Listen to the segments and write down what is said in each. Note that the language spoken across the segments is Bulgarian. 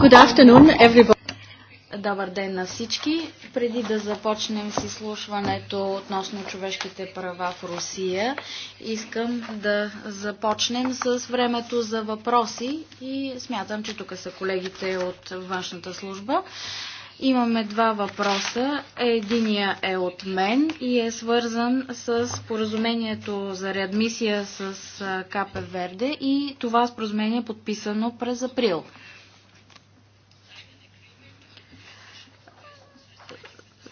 Good afternoon, everybody. Добър ден на всички. Преди да започнем с изслушването относно човешките права в Русия, искам да започнем с времето за въпроси и смятам, че тук са колегите от външната служба. Имаме два въпроса. Единия е от мен и е свързан с споразумението за реадмисия с КП Верде и това споразумение е подписано през април.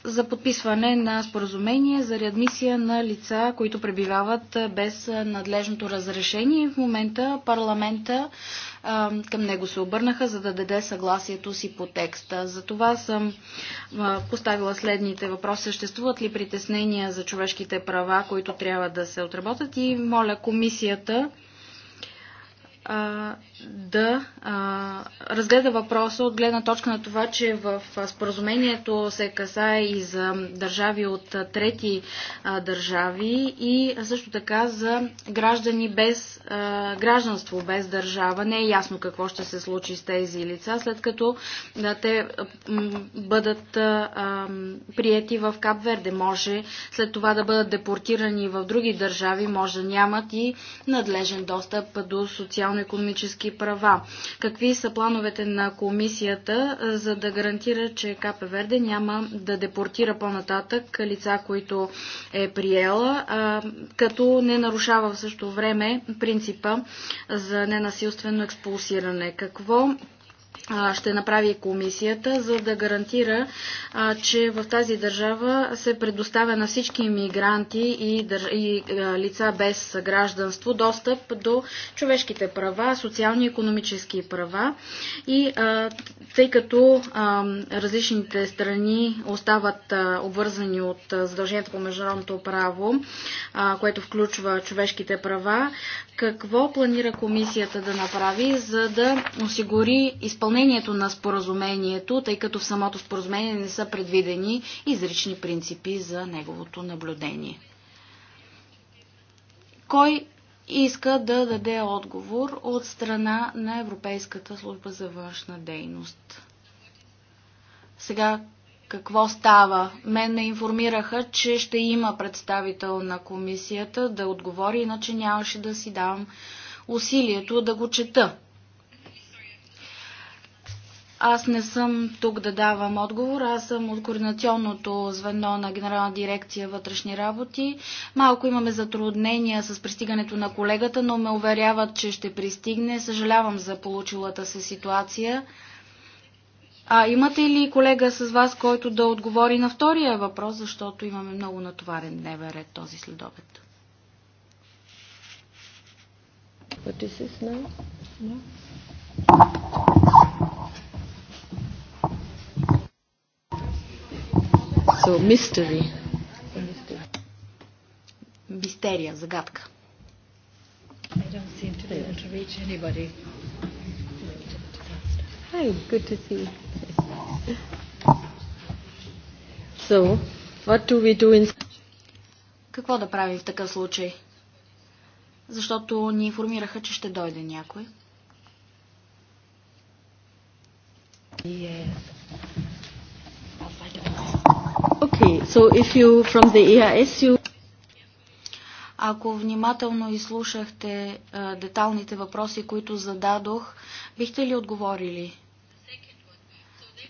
за подписване на споразумение за реадмисия на лица, които пребивават без надлежното разрешение. В момента парламента към него се обърнаха, за да даде съгласието си по текста. За това съм поставила следните въпроси. Съществуват ли притеснения за човешките права, които трябва да се отработят и моля комисията да а, разгледа въпроса от гледна точка на това, че в споразумението се касае и за държави от трети а, държави и също така за граждани без а, гражданство, без държава. Не е ясно какво ще се случи с тези лица, след като да, те бъдат а, а, прияти в Капверде. Може след това да бъдат депортирани в други държави, може да нямат и надлежен достъп до социално-економически човешки права. Какви са плановете на комисията, за да гарантира, че КП Верде няма да депортира по-нататък лица, които е приела, като не нарушава в същото време принципа за ненасилствено експулсиране? Какво ще направи комисията, за да гарантира, че в тази държава се предоставя на всички иммигранти и, лица без гражданство достъп до човешките права, социални и економически права. И тъй като различните страни остават обвързани от задълженията по международното право, което включва човешките права, какво планира комисията да направи, за да осигури изпълнението изпълнението на споразумението, тъй като в самото споразумение не са предвидени изрични принципи за неговото наблюдение. Кой иска да даде отговор от страна на Европейската служба за външна дейност? Сега какво става? Мен ме информираха, че ще има представител на комисията да отговори, иначе нямаше да си давам усилието да го чета. Аз не съм тук да давам отговор, аз съм от координационното звено на Генерална дирекция вътрешни работи. Малко имаме затруднения с пристигането на колегата, но ме уверяват, че ще пристигне. Съжалявам за получилата се ситуация. А имате ли колега с вас, който да отговори на втория въпрос, защото имаме много натоварен дневен ред този следобед? What is this now? So, mystery. Мистерия, загадка. I don't seem to be able to reach anybody. Hi, good to see you. So, what do we do in... Какво да правим в такъв случай? Защото ни информираха, че ще дойде някой. Yes. Okay, so if you from the EIS you ако внимателно изслушахте е, деталните въпроси, които зададох, бихте ли отговорили?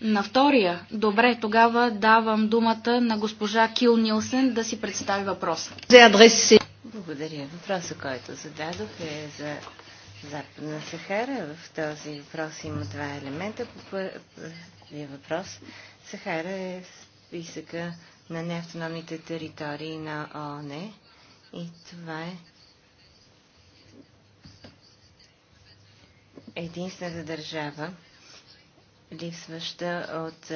На втория. Добре, тогава давам думата на госпожа Кил Нилсен да си представи въпроса. Благодаря. Въпросът, който зададох е за Западна Сахара. В този въпрос има два елемента. По първия въпрос Сахара е списъка на неавтономните територии на ООН. И това е единствената държава, липсваща от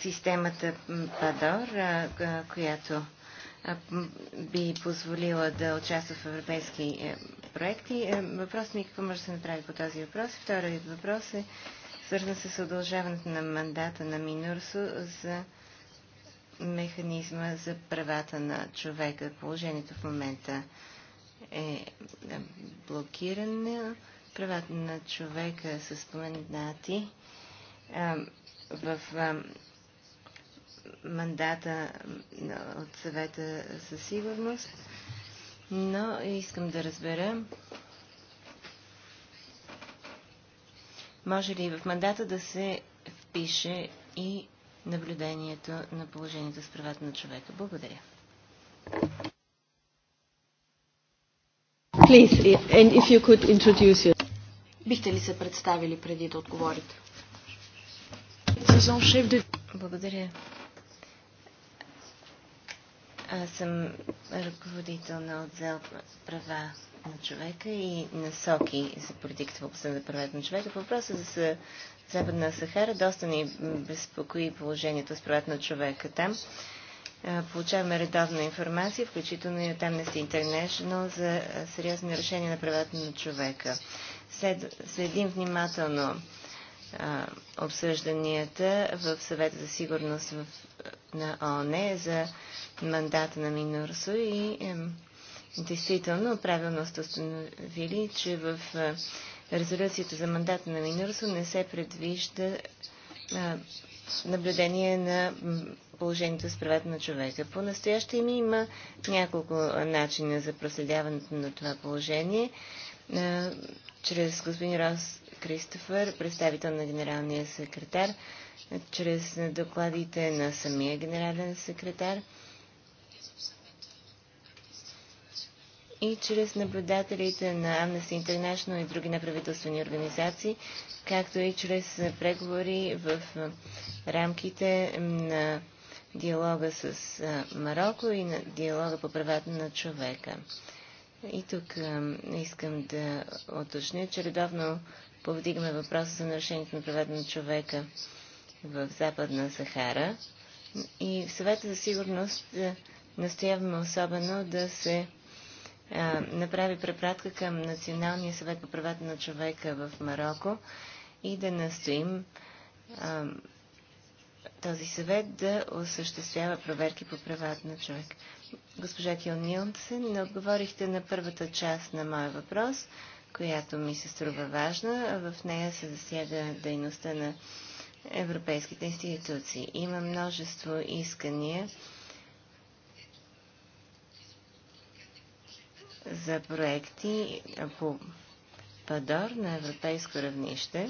системата ПАДОР, която би позволила да участва в европейски е, проекти. Е, въпрос ми е какво може да се направи по този въпрос. Вторият въпрос е свързан с удължаването на мандата на Минурсо за механизма за правата на човека. Положението в момента е блокиране. Правата на човека са споменати в мандата от съвета за сигурност, но искам да разбера Може ли в мандата да се впише и наблюдението на положението с правата на човека? Благодаря. Please, and if you could introduce you. Бихте ли се представили преди да отговорите? Благодаря. Аз съм ръководител на отдел права на човека и насоки за политиката в областта на правата на човека. Въпросът за Западна Сахара доста ни безпокои положението с правата на човека там. Получаваме редовна информация, включително и от Amnesty International, за сериозни нарушения на правата на човека. След, следим внимателно а, обсъжданията в съвета за сигурност в, на ООН за мандата на Минурсо и е, Действително, правилно сте установили, че в резолюцията за мандата на Минорсо не се предвижда наблюдение на положението с правата на човека. По настояще ми има няколко начина за проследяването на това положение. чрез господин Рос Кристофър, представител на генералния секретар, чрез докладите на самия генерален секретар – и чрез наблюдателите на Amnesty International и други неправителствени организации, както и чрез преговори в рамките на диалога с Марокко и на диалога по правата на човека. И тук искам да уточня, че редовно повдигаме въпроса за нарушението на правата на човека в Западна Сахара. И в съвета за сигурност настояваме особено да се направи препратка към Националния съвет по правата на човека в Марокко и да настоим този съвет да осъществява проверки по правата на човек. Госпожа Кил Нилсен, не отговорихте на първата част на моя въпрос, която ми се струва важна. В нея се засяга дейността на европейските институции. Има множество искания за проекти по ПАДОР на европейско равнище,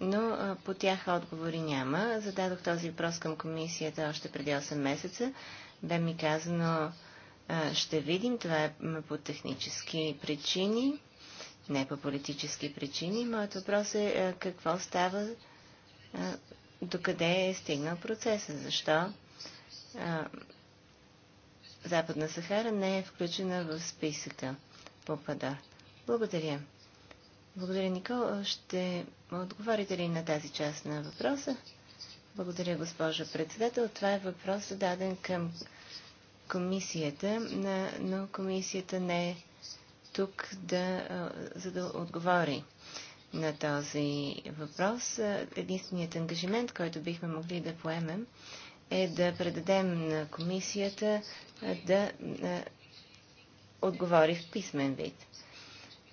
но по тях отговори няма. Зададох този въпрос към комисията още преди 8 месеца. Бе ми казано, ще видим, това е по технически причини, не по политически причини. Моят въпрос е какво става, докъде е стигнал процеса, защо Западна Сахара не е включена в списъка по Пада. Благодаря. Благодаря, Никол. Ще отговорите ли на тази част на въпроса? Благодаря, госпожа председател. Това е въпрос даден към комисията, но комисията не е тук, да, за да отговори на този въпрос. Единственият ангажимент, който бихме могли да поемем, е да предадем на комисията да отговори в писмен вид.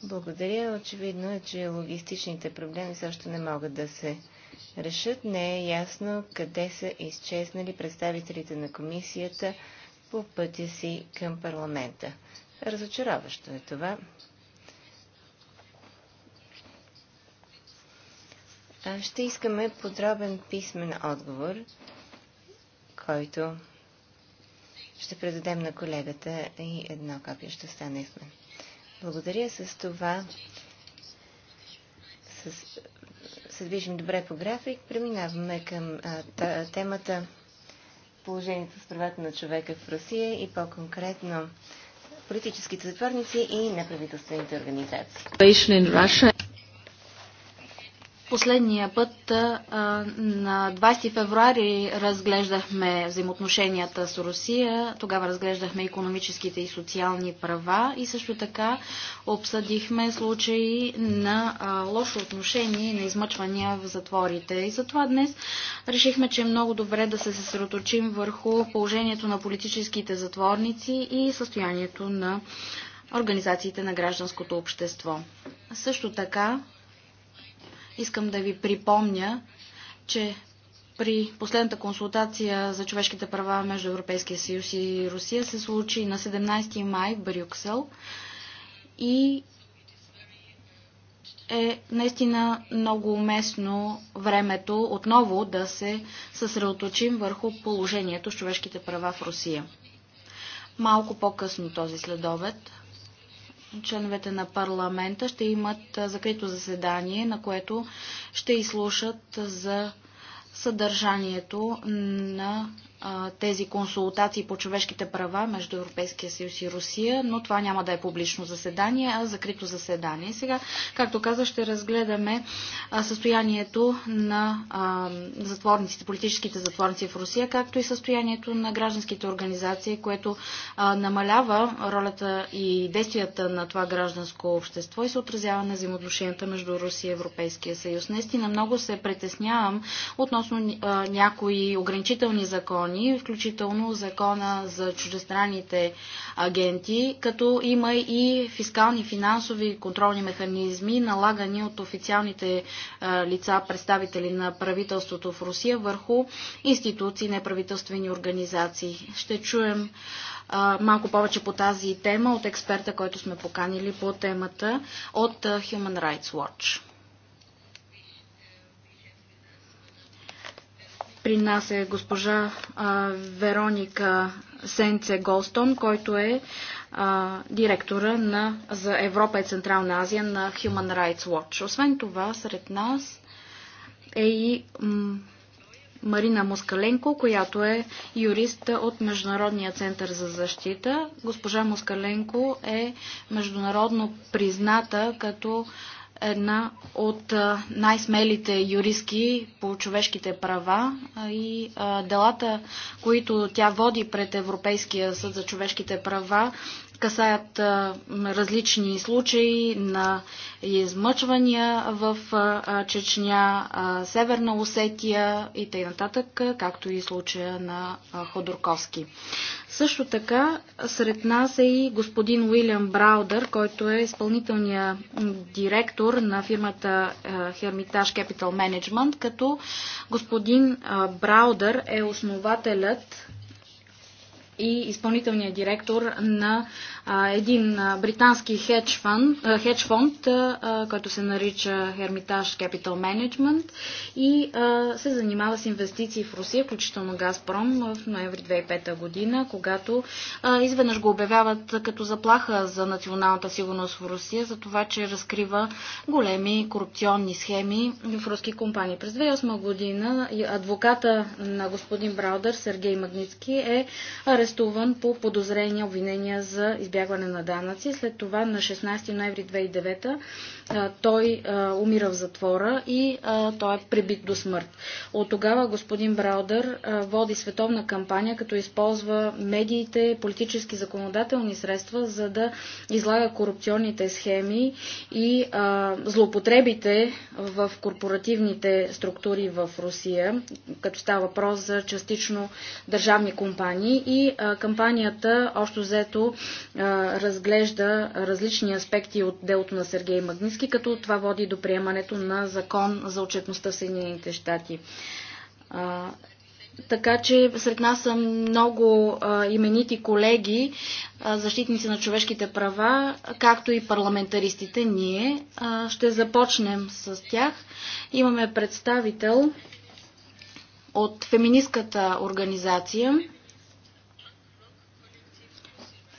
Благодаря. Очевидно е, че логистичните проблеми също не могат да се решат. Не е ясно къде са изчезнали представителите на комисията по пътя си към парламента. Разочароващо е това. Ще искаме подробен писмен отговор който ще предадем на колегата и едно копие ще стане в мен. Благодаря с това. С, се движим добре по график. Преминаваме към а, та, темата положението с правата на човека в Русия и по-конкретно политическите затворници и неправителствените организации. Последния път на 20 февруари разглеждахме взаимоотношенията с Русия, тогава разглеждахме економическите и социални права и също така обсъдихме случаи на лошо отношение и на измъчвания в затворите. И затова днес решихме, че е много добре да се съсредоточим върху положението на политическите затворници и състоянието на организациите на гражданското общество. Също така Искам да ви припомня, че при последната консултация за човешките права между Европейския съюз и Русия се случи на 17 май в Брюксел и е наистина много уместно времето отново да се съсредоточим върху положението с човешките права в Русия. Малко по-късно този следобед членовете на парламента ще имат закрито заседание, на което ще изслушат за съдържанието на тези консултации по човешките права между Европейския съюз и Русия, но това няма да е публично заседание, а закрито заседание. Сега, както каза, ще разгледаме състоянието на затворниците, политическите затворници в Русия, както и състоянието на гражданските организации, което намалява ролята и действията на това гражданско общество и се отразява на взаимоотношенията между Русия и Европейския съюз. Наистина много се притеснявам относно някои ограничителни закони, закони, включително закона за чуждестранните агенти, като има и фискални, финансови контролни механизми, налагани от официалните лица, представители на правителството в Русия върху институции, неправителствени организации. Ще чуем малко повече по тази тема от експерта, който сме поканили по темата от Human Rights Watch. При нас е госпожа а, Вероника Сенце Голстон, който е а, директора на, за Европа и Централна Азия на Human Rights Watch. Освен това, сред нас е и Марина Москаленко, която е юрист от Международния център за защита. Госпожа Москаленко е международно призната като една от най-смелите юристки по човешките права и делата, които тя води пред Европейския съд за човешките права, касаят различни случаи на измъчвания в Чечня, Северна Осетия и т.н., както и случая на Ходорковски. Също така сред нас е и господин Уилям Браудър, който е изпълнителният директор на фирмата Hermitage Capital Management, като господин Браудър е основателят и изпълнителният директор на а, един британски хедж фонд, хедж фонд а, който се нарича Hermitage Capital Management и а, се занимава с инвестиции в Русия, включително Газпром в ноември 2005 година, когато а, изведнъж го обявяват като заплаха за националната сигурност в Русия, за това, че разкрива големи корупционни схеми в руски компании. През 2008 година адвоката на господин Браудър, Сергей Магницки, е арестуван по подозрение обвинения за избягване на данъци. След това на 16 ноември 2009 той умира в затвора и той е прибит до смърт. От тогава господин Браудър води световна кампания, като използва медиите, политически законодателни средства, за да излага корупционните схеми и злоупотребите в корпоративните структури в Русия, като става въпрос за частично държавни компании и кампанията общо взето разглежда различни аспекти от делото на Сергей Магниски, като това води до приемането на закон за отчетността в Съединените щати. Така че сред нас са много а, именити колеги, а, защитници на човешките права, както и парламентаристите ние. А, ще започнем с тях. Имаме представител от феминистката организация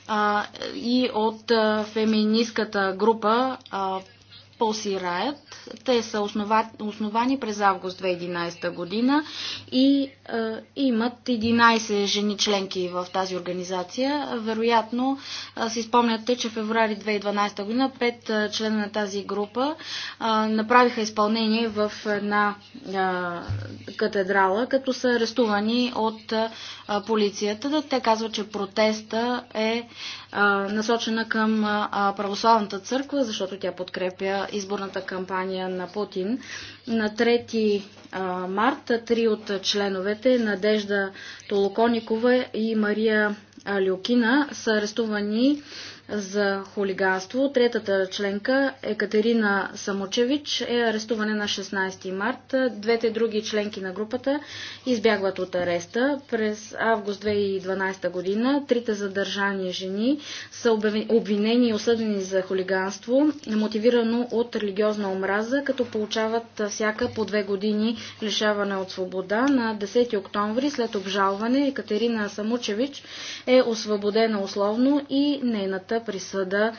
а, и от а, феминистката група а, Райът. Те са основа, основани през август 2011 година и е, имат 11 жени членки в тази организация. Вероятно е, си спомняте, че в феврари 2012 година пет е, члена на тази група е, направиха изпълнение в една е, катедрала, като са арестувани от е, полицията. Те казват, че протеста е, е насочена към е, православната църква, защото тя подкрепя изборната кампания на Путин. На 3 март три от членовете Надежда Толоконикова и Мария Люкина са арестувани за хулиганство. Третата членка Екатерина Самочевич е арестувана на 16 март. Двете други членки на групата избягват от ареста. През август 2012 година трите задържани жени са обвинени и осъдени за хулиганство, мотивирано от религиозна омраза, като получават всяка по две години лишаване от свобода. На 10 октомври след обжалване Екатерина Самучевич е освободена условно и нейната съдебната присъда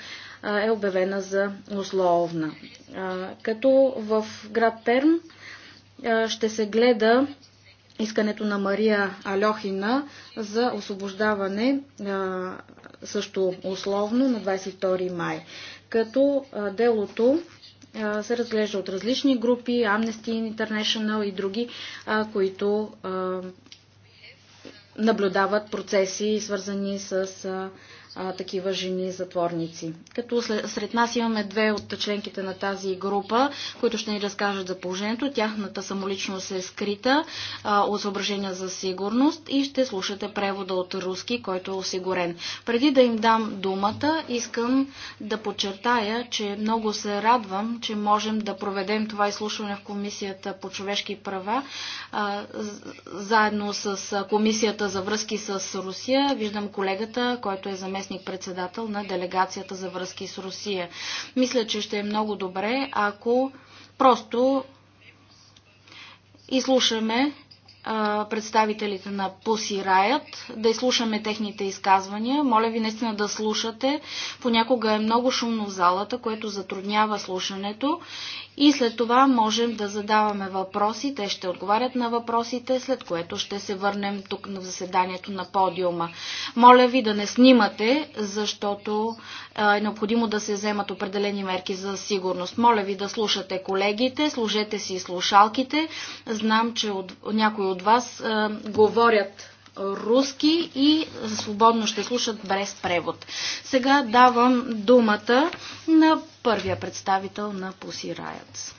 е обявена за условна. Като в град Перм ще се гледа искането на Мария Альохина за освобождаване също условно на 22 май. Като делото се разглежда от различни групи, Amnesty International и други, които наблюдават процеси, свързани с а, такива жени затворници. Като сред нас имаме две от членките на тази група, които ще ни разкажат за положението. Тяхната самоличност е скрита а, от съображения за сигурност и ще слушате превода от руски, който е осигурен. Преди да им дам думата, искам да подчертая, че много се радвам, че можем да проведем това изслушване в Комисията по човешки права, а, заедно с Комисията за връзки с Русия. Виждам колегата, който е заместник заместник-председател на делегацията за връзки с Русия. Мисля, че ще е много добре, ако просто изслушаме представителите на Pussy Riot, да изслушаме техните изказвания. Моля ви наистина да слушате. Понякога е много шумно в залата, което затруднява слушането и след това можем да задаваме въпроси, те ще отговарят на въпросите, след което ще се върнем тук на заседанието на подиума. Моля ви да не снимате, защото е необходимо да се вземат определени мерки за сигурност. Моля ви да слушате колегите, служете си слушалките. Знам, че от, някои от вас е, говорят руски и свободно ще слушат без превод. Сега давам думата на първия представител на Pussy Riots.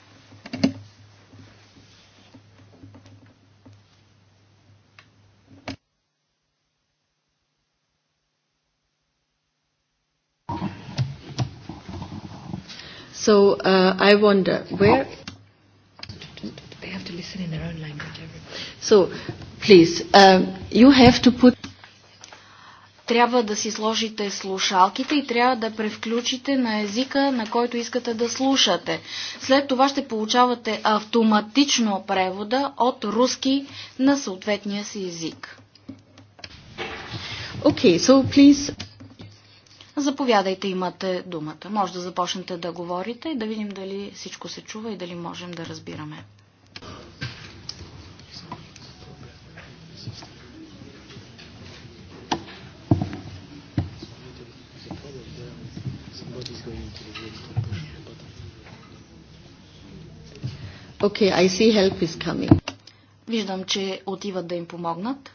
So uh, I wonder where they have to listen in their own language. So Please, uh, you have to put... Трябва да си сложите слушалките и трябва да превключите на езика, на който искате да слушате. След това ще получавате автоматично превода от руски на съответния си език. Okay, so please... Заповядайте, имате думата. Може да започнете да говорите и да видим дали всичко се чува и дали можем да разбираме. Okay, I see help is coming. Виждам, че отиват да им помогнат.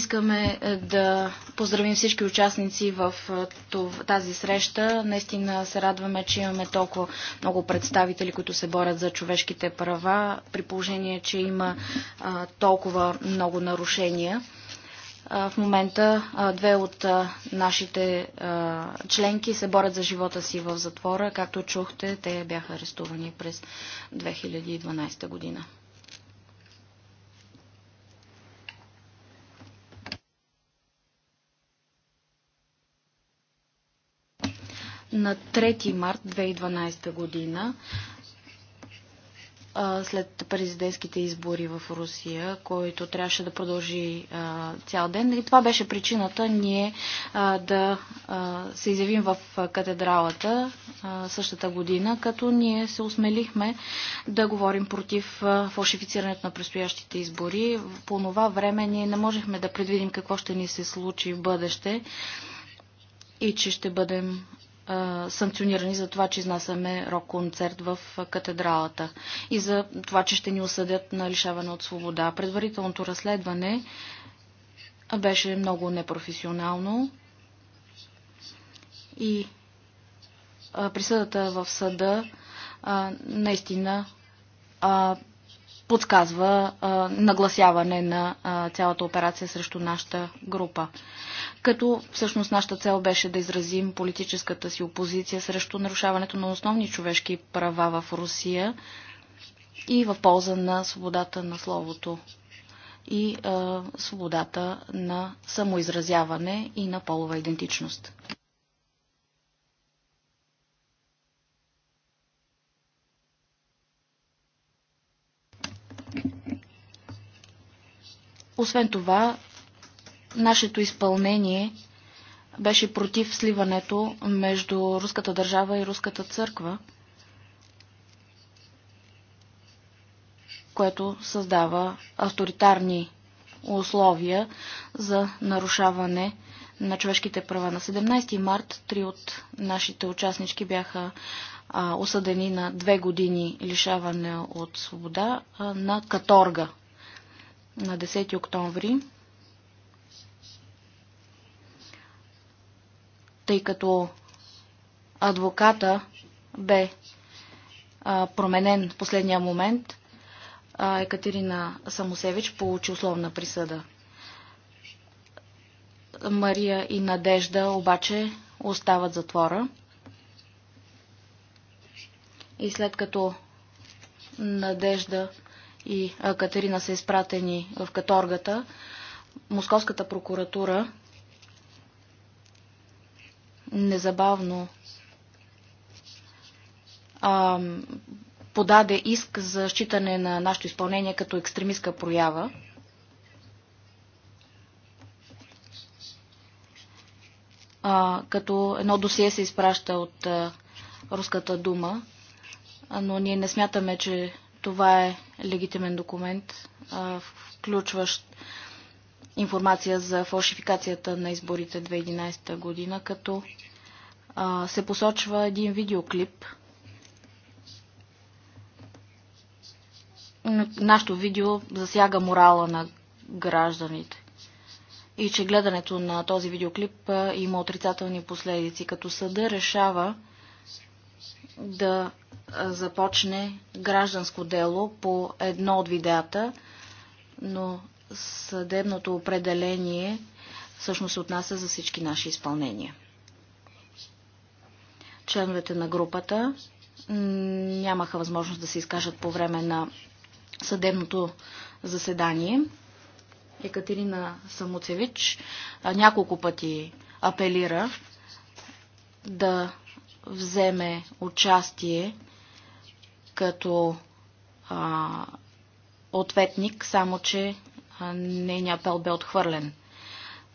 Искаме е, да поздравим всички участници в е, тази среща. Наистина се радваме, че имаме толкова много представители, които се борят за човешките права, при положение, че има е, толкова много нарушения. В момента две от нашите членки се борят за живота си в затвора. Както чухте, те бяха арестувани през 2012 година. на 3 март 2012 година след президентските избори в Русия, който трябваше да продължи а, цял ден. И това беше причината ние а, да а, се изявим в катедралата същата година, като ние се осмелихме да говорим против фалшифицирането на предстоящите избори. По това време ние не можехме да предвидим какво ще ни се случи в бъдеще и че ще бъдем санкционирани за това, че изнасяме рок-концерт в катедралата и за това, че ще ни осъдят на лишаване от свобода. Предварителното разследване беше много непрофесионално и присъдата в съда наистина подсказва нагласяване на цялата операция срещу нашата група като всъщност нашата цел беше да изразим политическата си опозиция срещу нарушаването на основни човешки права в Русия и в полза на свободата на словото и а, свободата на самоизразяване и на полова идентичност. Освен това, нашето изпълнение беше против сливането между руската държава и руската църква, което създава авторитарни условия за нарушаване на човешките права. На 17 март три от нашите участнички бяха а, осъдени на две години лишаване от свобода а, на каторга. На 10 октомври тъй като адвоката бе а, променен в последния момент. А, Екатерина Самосевич получи условна присъда. Мария и Надежда обаче остават затвора. И след като Надежда и Катерина са изпратени в каторгата, Московската прокуратура незабавно а, подаде иск за считане на нашето изпълнение като екстремистка проява. А, като едно досие се изпраща от а, Руската дума, но ние не смятаме, че това е легитимен документ, а, включващ информация за фалшификацията на изборите 2011 година, като а, се посочва един видеоклип. Нашето видео засяга морала на гражданите и че гледането на този видеоклип има отрицателни последици, като съда решава да започне гражданско дело по едно от видеята, но съдебното определение всъщност се отнася за всички наши изпълнения. Членовете на групата нямаха възможност да се изкажат по време на съдебното заседание. Екатерина Самуцевич няколко пъти апелира да вземе участие като а, ответник, само че нейният апел бе отхвърлен.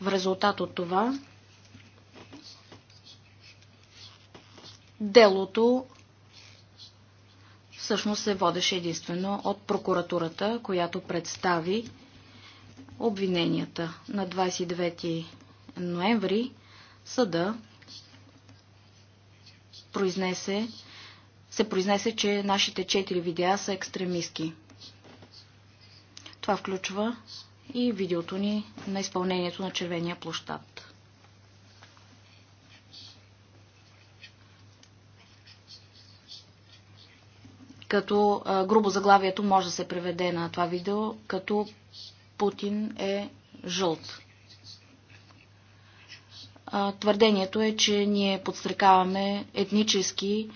В резултат от това делото всъщност се водеше единствено от прокуратурата, която представи обвиненията. На 29 ноември съда произнесе, се произнесе, че нашите четири видеа са екстремистки. Това включва и видеото ни на изпълнението на червения площад. Като грубо заглавието може да се преведе на това видео като Путин е жълт. Твърдението е, че ние подстрекаваме етнически,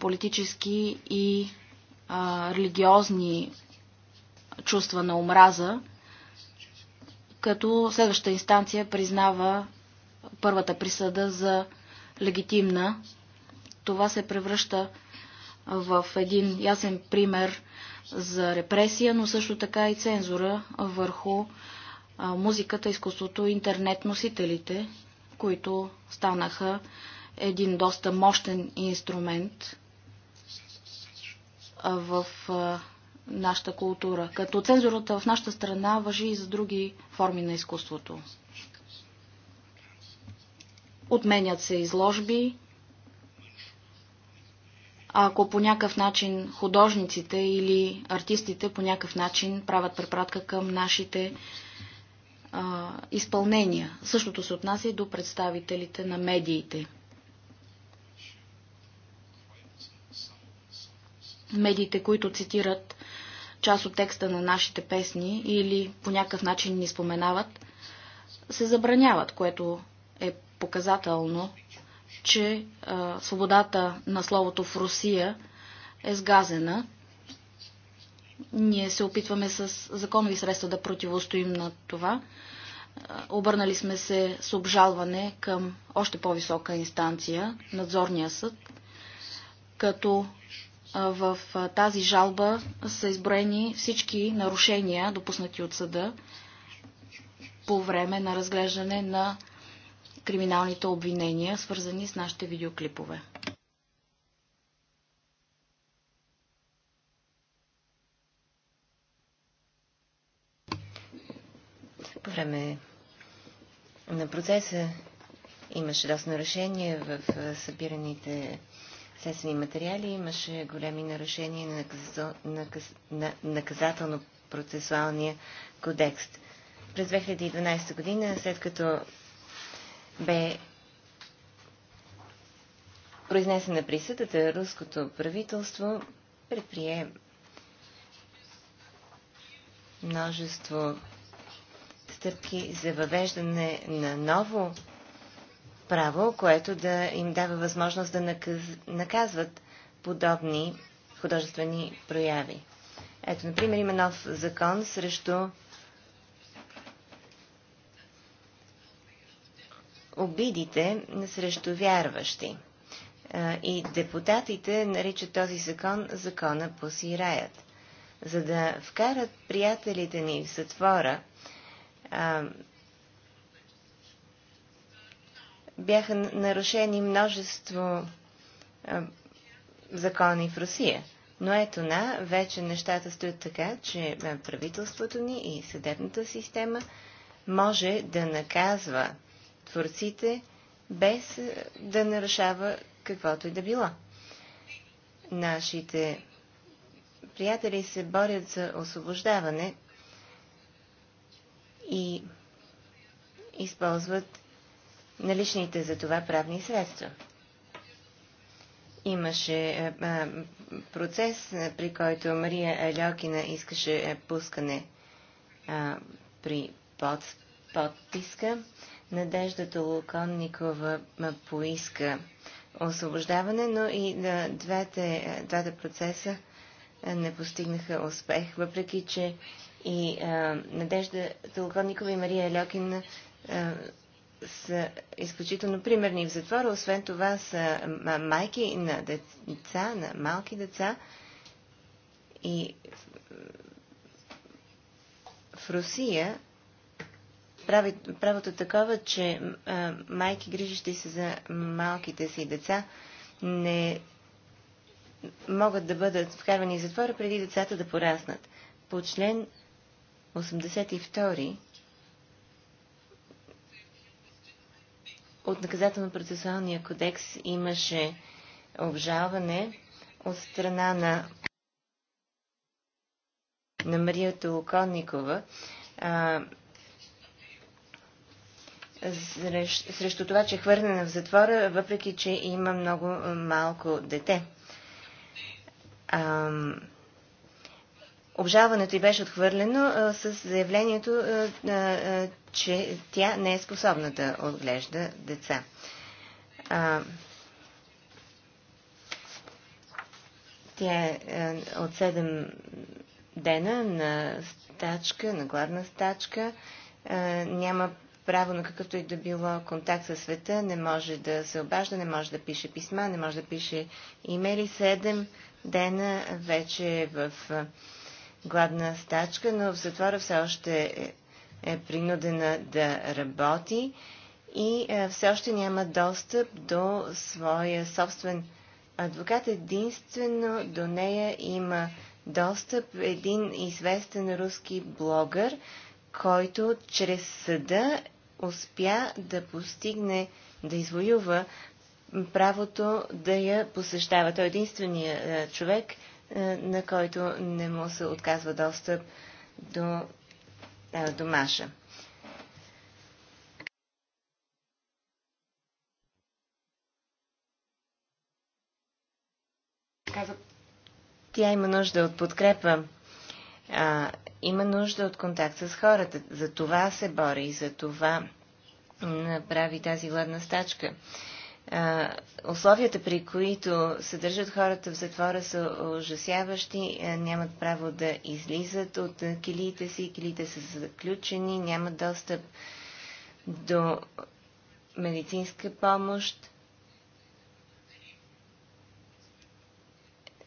политически и религиозни чувства на омраза, като следващата инстанция признава първата присъда за легитимна. Това се превръща в един ясен пример за репресия, но също така и цензура върху музиката, изкуството, интернет носителите, които станаха един доста мощен инструмент в нашата култура. Като цензурата в нашата страна въжи и за други форми на изкуството. Отменят се изложби, а ако по някакъв начин художниците или артистите по някакъв начин правят препратка към нашите а, изпълнения. Същото се отнася и до представителите на медиите. Медиите, които цитират част от текста на нашите песни или по някакъв начин ни споменават, се забраняват, което е показателно, че а, свободата на словото в Русия е сгазена. Ние се опитваме с законови средства да противостоим на това. Обърнали сме се с обжалване към още по-висока инстанция, надзорния съд, като в тази жалба са изброени всички нарушения, допуснати от съда по време на разглеждане на криминалните обвинения, свързани с нашите видеоклипове. По време на процеса имаше доста нарушения в събираните следствени материали. Имаше големи нарушения на, наказо... наказ... на наказателно-процесуалния кодекс. През 2012 година, след като бе произнесена присъдата, руското правителство предприе множество стъпки за въвеждане на ново право, което да им дава възможност да наказ... наказват подобни художествени прояви. Ето, например, има нов закон срещу обидите срещу вярващи. И депутатите наричат този закон закона по сираят. За да вкарат приятелите ни в затвора, бяха нарушени множество закони в Русия. Но ето на, вече нещата стоят така, че правителството ни и съдебната система може да наказва творците без да нарушава каквото и да било. Нашите приятели се борят за освобождаване и използват наличните за това правни средства. Имаше а, е, е, процес, е, при който Мария Елякина искаше пускане а, при под, подписка. Надеждата Луконникова поиска освобождаване, но и на двете, двата процеса не постигнаха успех, въпреки че и а, Надежда Толконникова и Мария Елякина са изключително примерни в затвора. Освен това са майки на деца, на малки деца. И в Русия прави, правото такова, че майки, грижащи се за малките си деца, не могат да бъдат вкарвани в затвора преди децата да пораснат. По член 82 от наказателно-процесуалния кодекс имаше обжалване от страна на, на Мария Толоконникова а, срещ, срещу това, че е хвърлена в затвора, въпреки че има много малко дете. А обжалването й беше отхвърлено с заявлението, че тя не е способна да отглежда деца. Тя е, е от 7 дена на стачка, на гладна стачка. Няма право на какъвто и да било контакт със света, не може да се обажда, не може да пише писма, не може да пише имейли. 7 дена вече е в гладна стачка, но в затвора все още е, е принудена да работи и е, все още няма достъп до своя собствен адвокат. Единствено до нея има достъп един известен руски блогър, който чрез съда успя да постигне, да извоюва правото да я посещава. Той е единствения е, човек, е, на който не му се отказва достъп до е, домаша. Тя има нужда от подкрепа, а, има нужда от контакт с хората. За това се бори и за това направи тази гладна стачка а, условията, при които се държат хората в затвора, са ужасяващи. Нямат право да излизат от килиите си. Килиите са заключени, нямат достъп до медицинска помощ.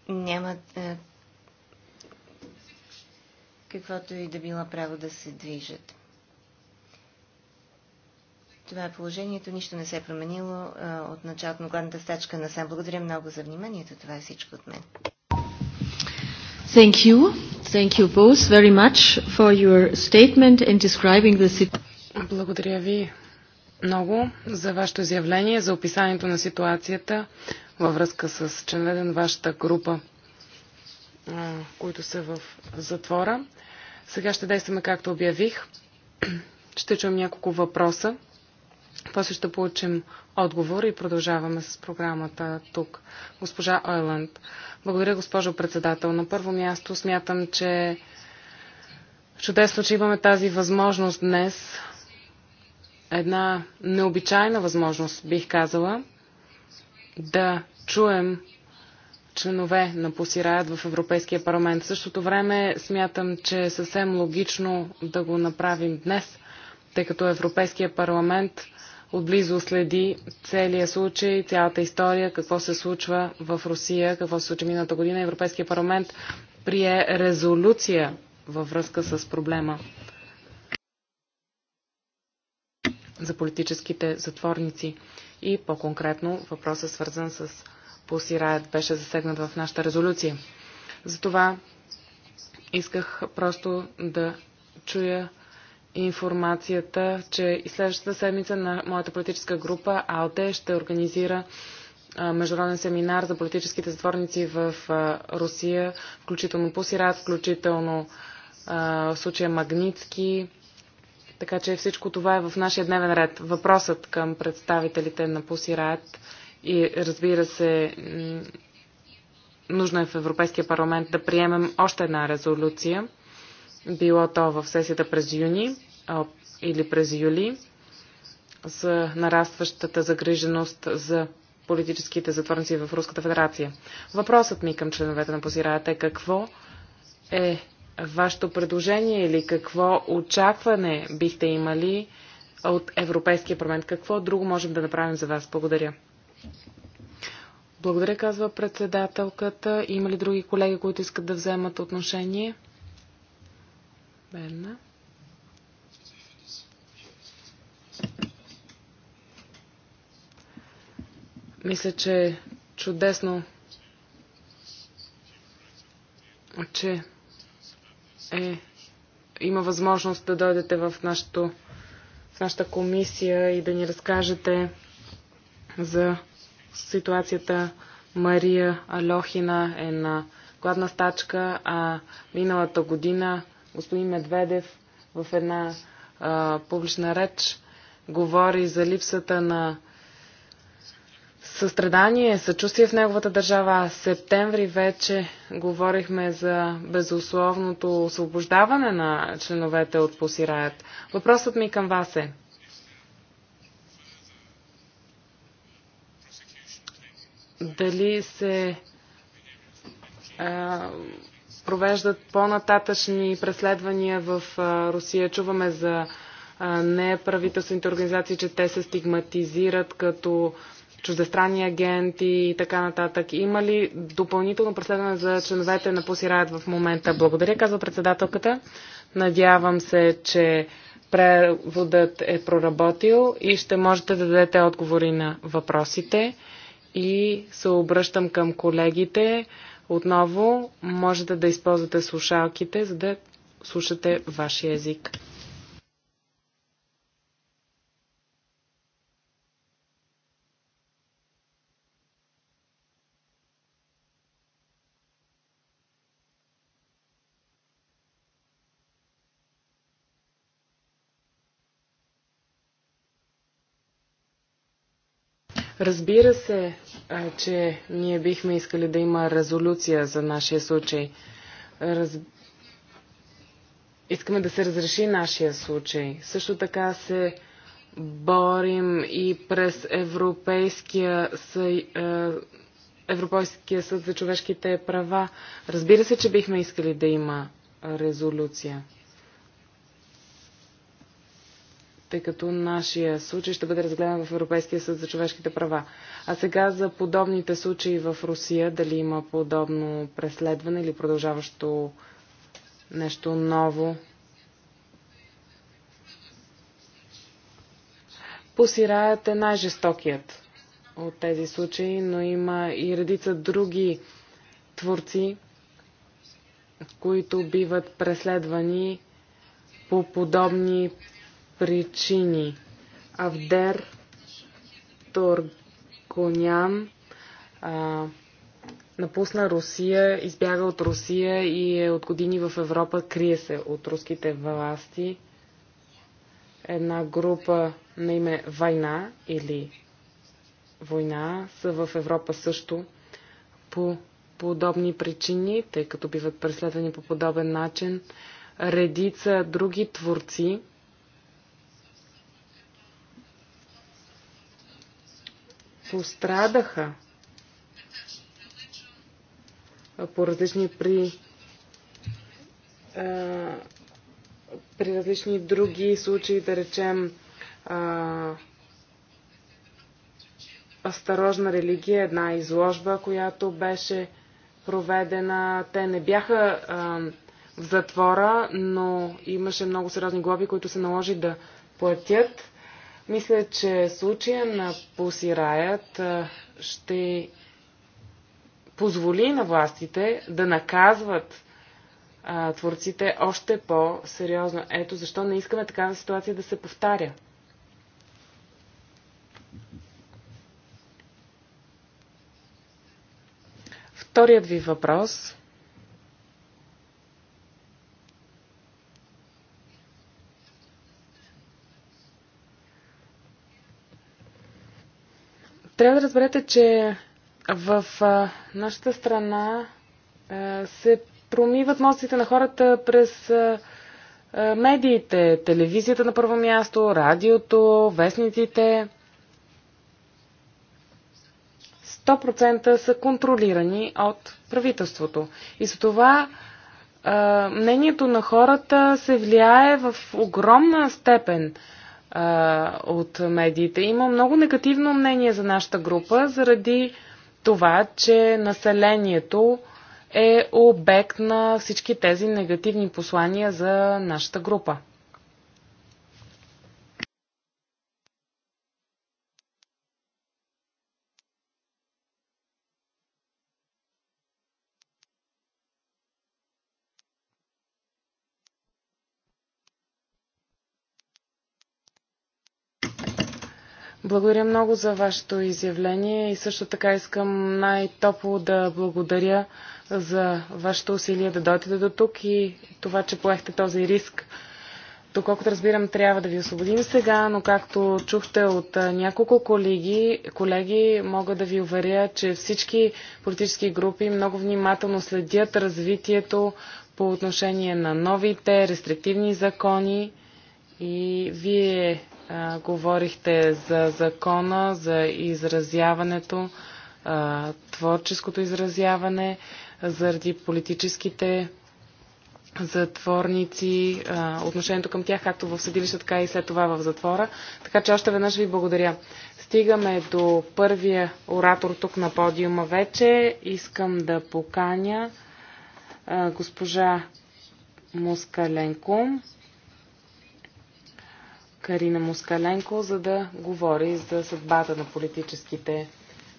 Нямат а, каквото и да било право да се движат това е положението. Нищо не се е променило от началото на гладната стачка сам. Благодаря много за вниманието. Това е всичко от мен. Thank you. Thank you both very much for your statement and describing the situation. Благодаря ви много за вашето изявление, за описанието на ситуацията във връзка с членове на вашата група, които са в затвора. Сега ще действаме както обявих. Ще чуем няколко въпроса после ще получим отговор и продължаваме с програмата тук. Госпожа Ойланд. Благодаря, госпожо председател. На първо място смятам, че чудесно, че имаме тази възможност днес. Една необичайна възможност, бих казала, да чуем членове на Посираят в Европейския парламент. В същото време смятам, че е съвсем логично да го направим днес, тъй като Европейския парламент – отблизо следи целия случай, цялата история, какво се случва в Русия, какво се случи миналата година. Европейския парламент прие резолюция във връзка с проблема за политическите затворници и по-конкретно въпроса е свързан с Пулсираят беше засегнат в нашата резолюция. Затова исках просто да чуя информацията, че и следващата седмица на моята политическа група АЛТЕ ще организира международен семинар за политическите затворници в Русия, включително Пусират, включително в случая Магницки. Така че всичко това е в нашия дневен ред. Въпросът към представителите на Пусират и разбира се, нужно е в Европейския парламент да приемем още една резолюция било то в сесията през юни а, или през юли, за нарастващата загриженост за политическите затворници в Руската федерация. Въпросът ми към членовете на Позирата е какво е вашето предложение или какво очакване бихте имали от Европейския парламент? Какво друго можем да направим за вас? Благодаря. Благодаря, казва председателката. Има ли други колеги, които искат да вземат отношение? Bella. Мисля, че е чудесно, че е, има възможност да дойдете в, нашото, в нашата комисия и да ни разкажете за ситуацията Мария Алохина е на гладна стачка, а миналата година господин Медведев в една а, публична реч говори за липсата на състрадание, съчувствие в неговата държава. А септември вече говорихме за безусловното освобождаване на членовете от Посираят. Въпросът ми към вас е. Дали се а, провеждат по-нататъчни преследвания в Русия. Чуваме за неправителствените организации, че те се стигматизират като чуждестранни агенти и така нататък. Има ли допълнително преследване за членовете на Посираят в момента? Благодаря, казва председателката. Надявам се, че преводът е проработил и ще можете да дадете отговори на въпросите. И се обръщам към колегите. Отново можете да използвате слушалките, за да слушате вашия език. Разбира се, че ние бихме искали да има резолюция за нашия случай. Раз... Искаме да се разреши нашия случай. Също така се борим и през Европейския съюз. Европейския съд за човешките права. Разбира се, че бихме искали да има резолюция. тъй като нашия случай ще бъде разгледан в Европейския съд за човешките права. А сега за подобните случаи в Русия, дали има подобно преследване или продължаващо нещо ново. Посираят е най-жестокият от тези случаи, но има и редица други творци, които биват преследвани по подобни причини. Авдер Торгонян а, напусна Русия, избяга от Русия и е от години в Европа, крие се от руските власти. Една група на име Война или Война са в Европа също по подобни причини, тъй като биват преследвани по подобен начин. Редица други творци пострадаха по различни при при различни други случаи, да речем, а, Асторожна религия, една изложба, която беше проведена. Те не бяха а, в затвора, но имаше много сериозни глоби, които се наложи да платят. Мисля, че случая на посираят ще позволи на властите да наказват а, творците още по-сериозно. Ето защо не искаме такава ситуация да се повтаря. Вторият ви въпрос Трябва да разберете, че в а, нашата страна а, се промиват мозъците на хората през а, а, медиите, телевизията на първо място, радиото, вестниците. 100% са контролирани от правителството. И за това а, мнението на хората се влияе в огромна степен. А, а, от медиите. Има много негативно мнение за нашата група заради това, че населението е обект на всички тези негативни послания за нашата група. Благодаря много за вашето изявление и също така искам най-топло да благодаря за вашето усилие да дойдете до тук и това, че поехте този риск. Доколкото разбирам, трябва да ви освободим сега, но както чухте от няколко колеги, колеги мога да ви уверя, че всички политически групи много внимателно следят развитието по отношение на новите рестриктивни закони и вие говорихте за закона, за изразяването, а, творческото изразяване, заради политическите затворници, а, отношението към тях, както в съдилища, така и след това в затвора. Така че още веднъж ви благодаря. Стигаме до първия оратор тук на подиума вече. Искам да поканя а, госпожа Мускаленко. Карина Москаленко, за да говори за съдбата на политическите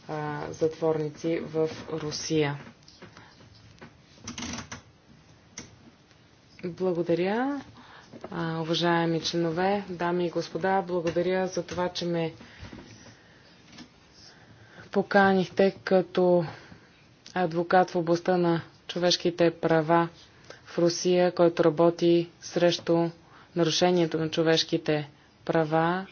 а, затворници в Русия. Благодаря. А, уважаеми членове, дами и господа, благодаря за това, че ме поканихте като адвокат в областта на човешките права в Русия, който работи срещу нарушението на човешките права права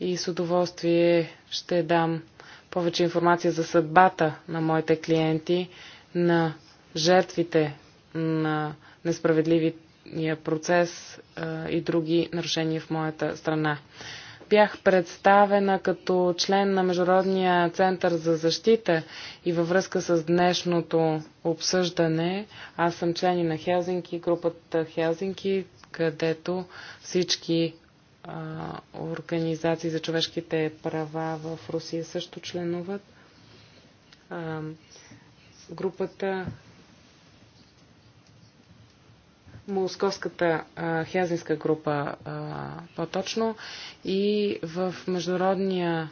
и с удоволствие ще дам повече информация за съдбата на моите клиенти, на жертвите на несправедливия процес и други нарушения в моята страна. Бях представена като член на Международния център за защита и във връзка с днешното обсъждане, аз съм член и на Хелзинки, групата Хелзинки, където всички организации за човешките права в Русия също членуват. групата Московската хязинска група по-точно и в Международния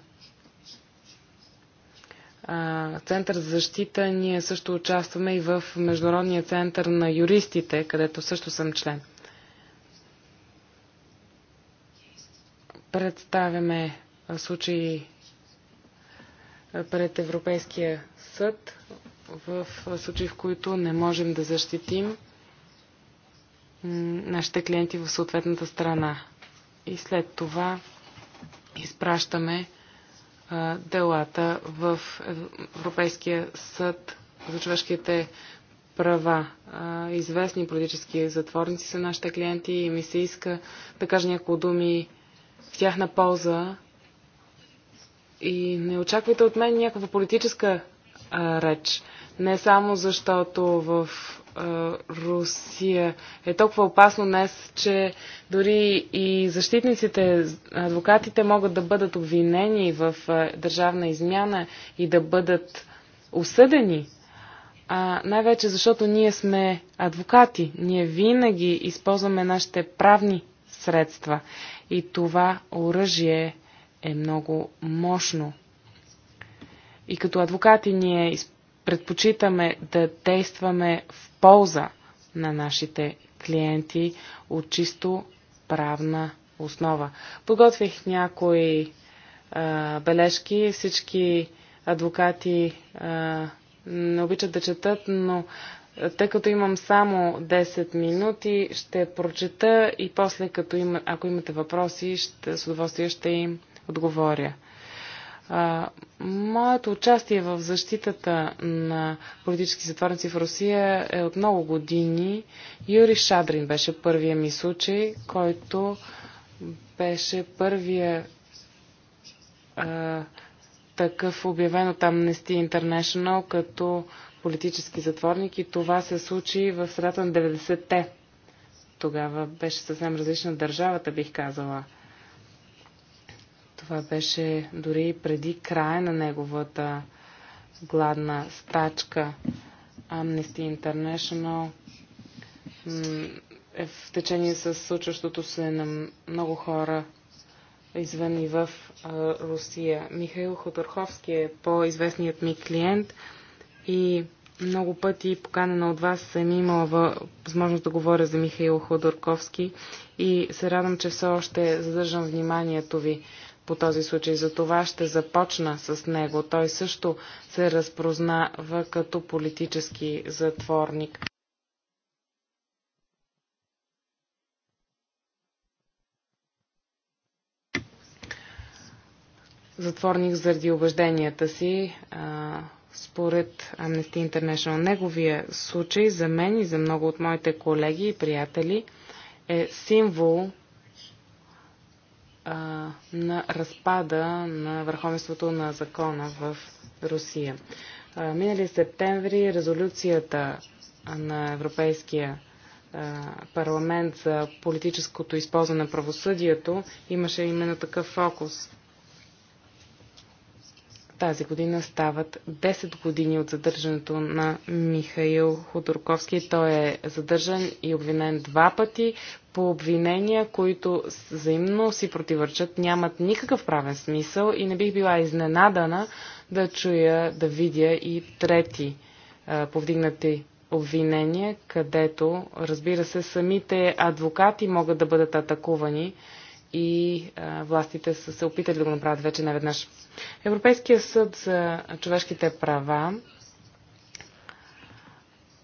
Център за защита ние също участваме и в Международния център на юристите, където също съм член. представяме случаи пред Европейския съд в случаи, в които не можем да защитим нашите клиенти в съответната страна. И след това изпращаме делата в Европейския съд за човешките права. Известни политически затворници са нашите клиенти и ми се иска да кажа няколко думи в тяхна полза. И не очаквайте от мен някаква политическа а, реч. Не само защото в а, Русия е толкова опасно днес, че дори и защитниците, адвокатите могат да бъдат обвинени в а, държавна измяна и да бъдат осъдени. А, най-вече защото ние сме адвокати. Ние винаги използваме нашите правни средства. И това оръжие е много мощно. И като адвокати ние предпочитаме да действаме в полза на нашите клиенти от чисто правна основа. Подготвих някои а, бележки. Всички адвокати а, не обичат да четат, но тъй като имам само 10 минути, ще прочета и после, като има, ако имате въпроси, ще, с удоволствие ще им отговоря. А, моето участие в защитата на политически затворници в Русия е от много години. Юри Шадрин беше първия ми случай, който беше първия а, такъв обявен от Amnesty International като политически затворник и това се случи в средата на 90-те. Тогава беше съвсем различна държавата, бих казала. Това беше дори преди края на неговата гладна стачка. Amnesty International е в течение с случващото се на много хора извън и в Русия. Михаил Ходорховски е по-известният ми клиент и много пъти поканена от вас съм имала възможност да говоря за Михаил Ходорковски и се радвам, че все още задържам вниманието ви по този случай. За това ще започна с него. Той също се разпознава като политически затворник. Затворник заради убежденията си, според Amnesty International. Неговия случай за мен и за много от моите колеги и приятели е символ а, на разпада на върховенството на закона в Русия. А, минали септември резолюцията на Европейския а, парламент за политическото използване на правосъдието имаше именно такъв фокус тази година стават 10 години от задържането на Михаил Ходорковски. Той е задържан и обвинен два пъти по обвинения, които взаимно си противоречат, нямат никакъв правен смисъл и не бих била изненадана да чуя, да видя и трети повдигнати обвинения, където, разбира се, самите адвокати могат да бъдат атакувани и а, властите са се опитали да го направят вече наведнъж. Европейския съд за човешките права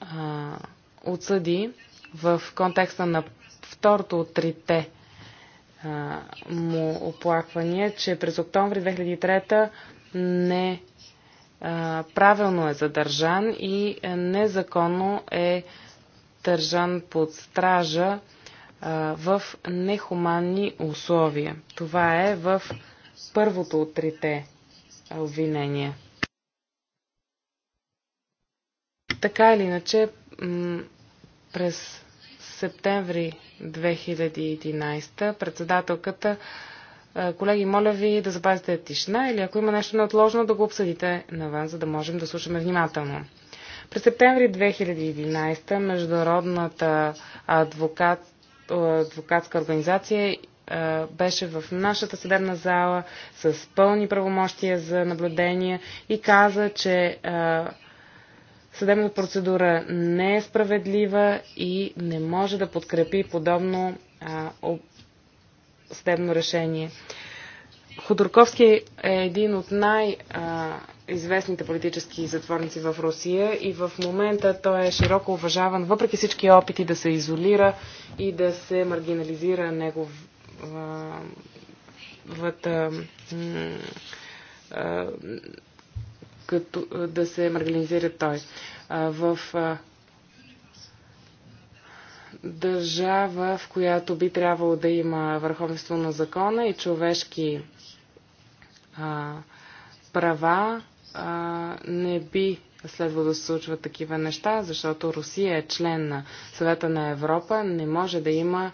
а, отсъди в контекста на второто от трите а, му оплаквания, че през октомври 2003 не а, правилно е задържан и незаконно е държан под стража в нехуманни условия. Това е в първото от трите обвинения. Така или иначе, през септември 2011 председателката Колеги, моля ви да запазите тишина или ако има нещо неотложно, да го обсъдите навън, за да можем да слушаме внимателно. През септември 2011 Международната адвокат адвокатска организация е, беше в нашата съдебна зала с пълни правомощия за наблюдение и каза, че е, съдебната процедура не е справедлива и не може да подкрепи подобно съдебно решение. Ходорковски е един от най- известните политически затворници в Русия и в момента той е широко уважаван, въпреки всички опити да се изолира и да се маргинализира неговата като да се маргинализира той. В държава, в която би трябвало да има върховенство на закона и човешки права, а, не би следва да се случват такива неща, защото Русия е член на Съвета на Европа, не може да има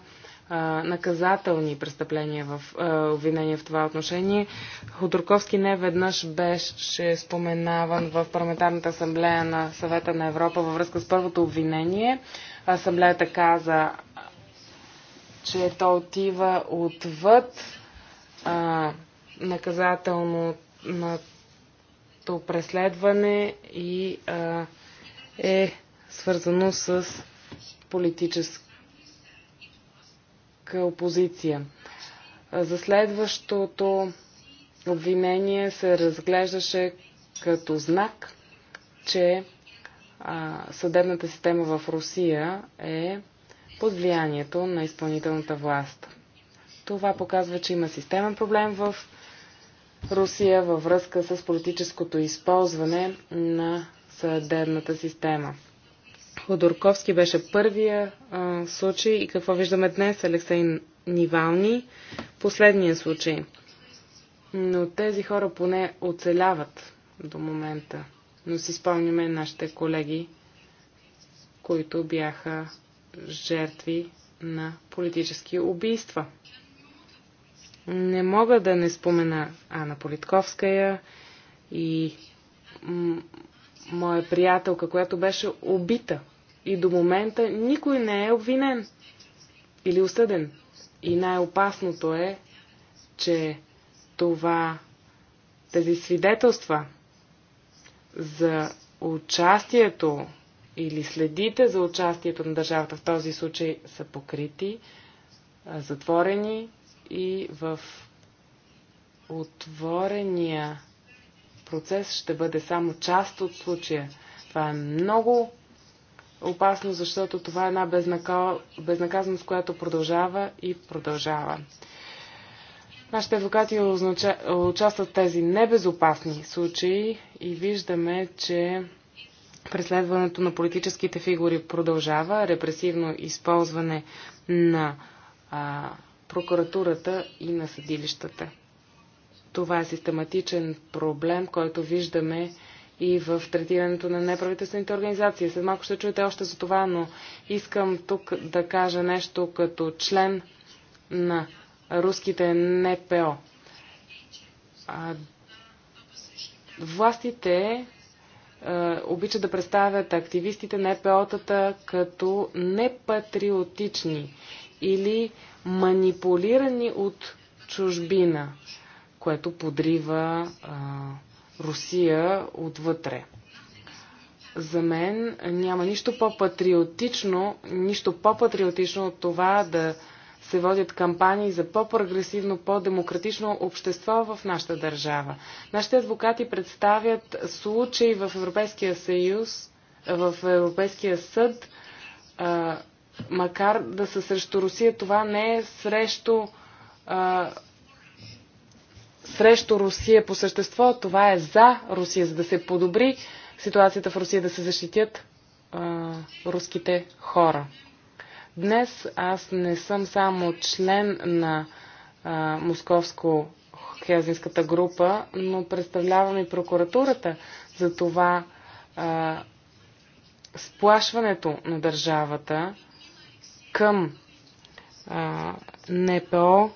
наказателни престъпления в обвинения в това отношение. Ходорковски не веднъж беше споменаван в Парламентарната асамблея на Съвета на Европа във връзка с първото обвинение. Асамблеята каза, че то отива отвъд а, наказателно на като преследване и а, е свързано с политическа опозиция. За следващото обвинение се разглеждаше като знак, че а, съдебната система в Русия е под влиянието на изпълнителната власт. Това показва, че има системен проблем в Русия във връзка с политическото използване на съдебната система. Ходорковски беше първия а, случай и какво виждаме днес Алексей Нивални, последния случай. Но тези хора поне оцеляват до момента. Но си спомняме нашите колеги, които бяха жертви на политически убийства не мога да не спомена Ана Политковская и моя приятелка, която беше убита. И до момента никой не е обвинен или осъден. И най-опасното е, че това, тези свидетелства за участието или следите за участието на държавата в този случай са покрити, затворени и в отворения процес ще бъде само част от случая. Това е много опасно, защото това е една безнаказаност, която продължава и продължава. Нашите адвокати означа... участват в тези небезопасни случаи и виждаме, че преследването на политическите фигури продължава, репресивно използване на а, прокуратурата и на съдилищата. Това е систематичен проблем, който виждаме и в третирането на неправителствените организации. След малко ще чуете още за това, но искам тук да кажа нещо като член на руските НПО. А, властите а, е, обичат да представят активистите на НПО-тата като непатриотични или манипулирани от чужбина, което подрива а, Русия отвътре. За мен няма нищо по-патриотично, нищо по-патриотично от това да се водят кампании за по-прогресивно, по-демократично общество в нашата държава. Нашите адвокати представят случаи в Европейския съюз, в Европейския съд, макар да са срещу Русия, това не е срещу, а, срещу Русия по същество, това е за Русия, за да се подобри ситуацията в Русия, да се защитят а, руските хора. Днес аз не съм само член на а, Московско Хелзинската група, но представлявам и прокуратурата за това а, сплашването на държавата към а, НПО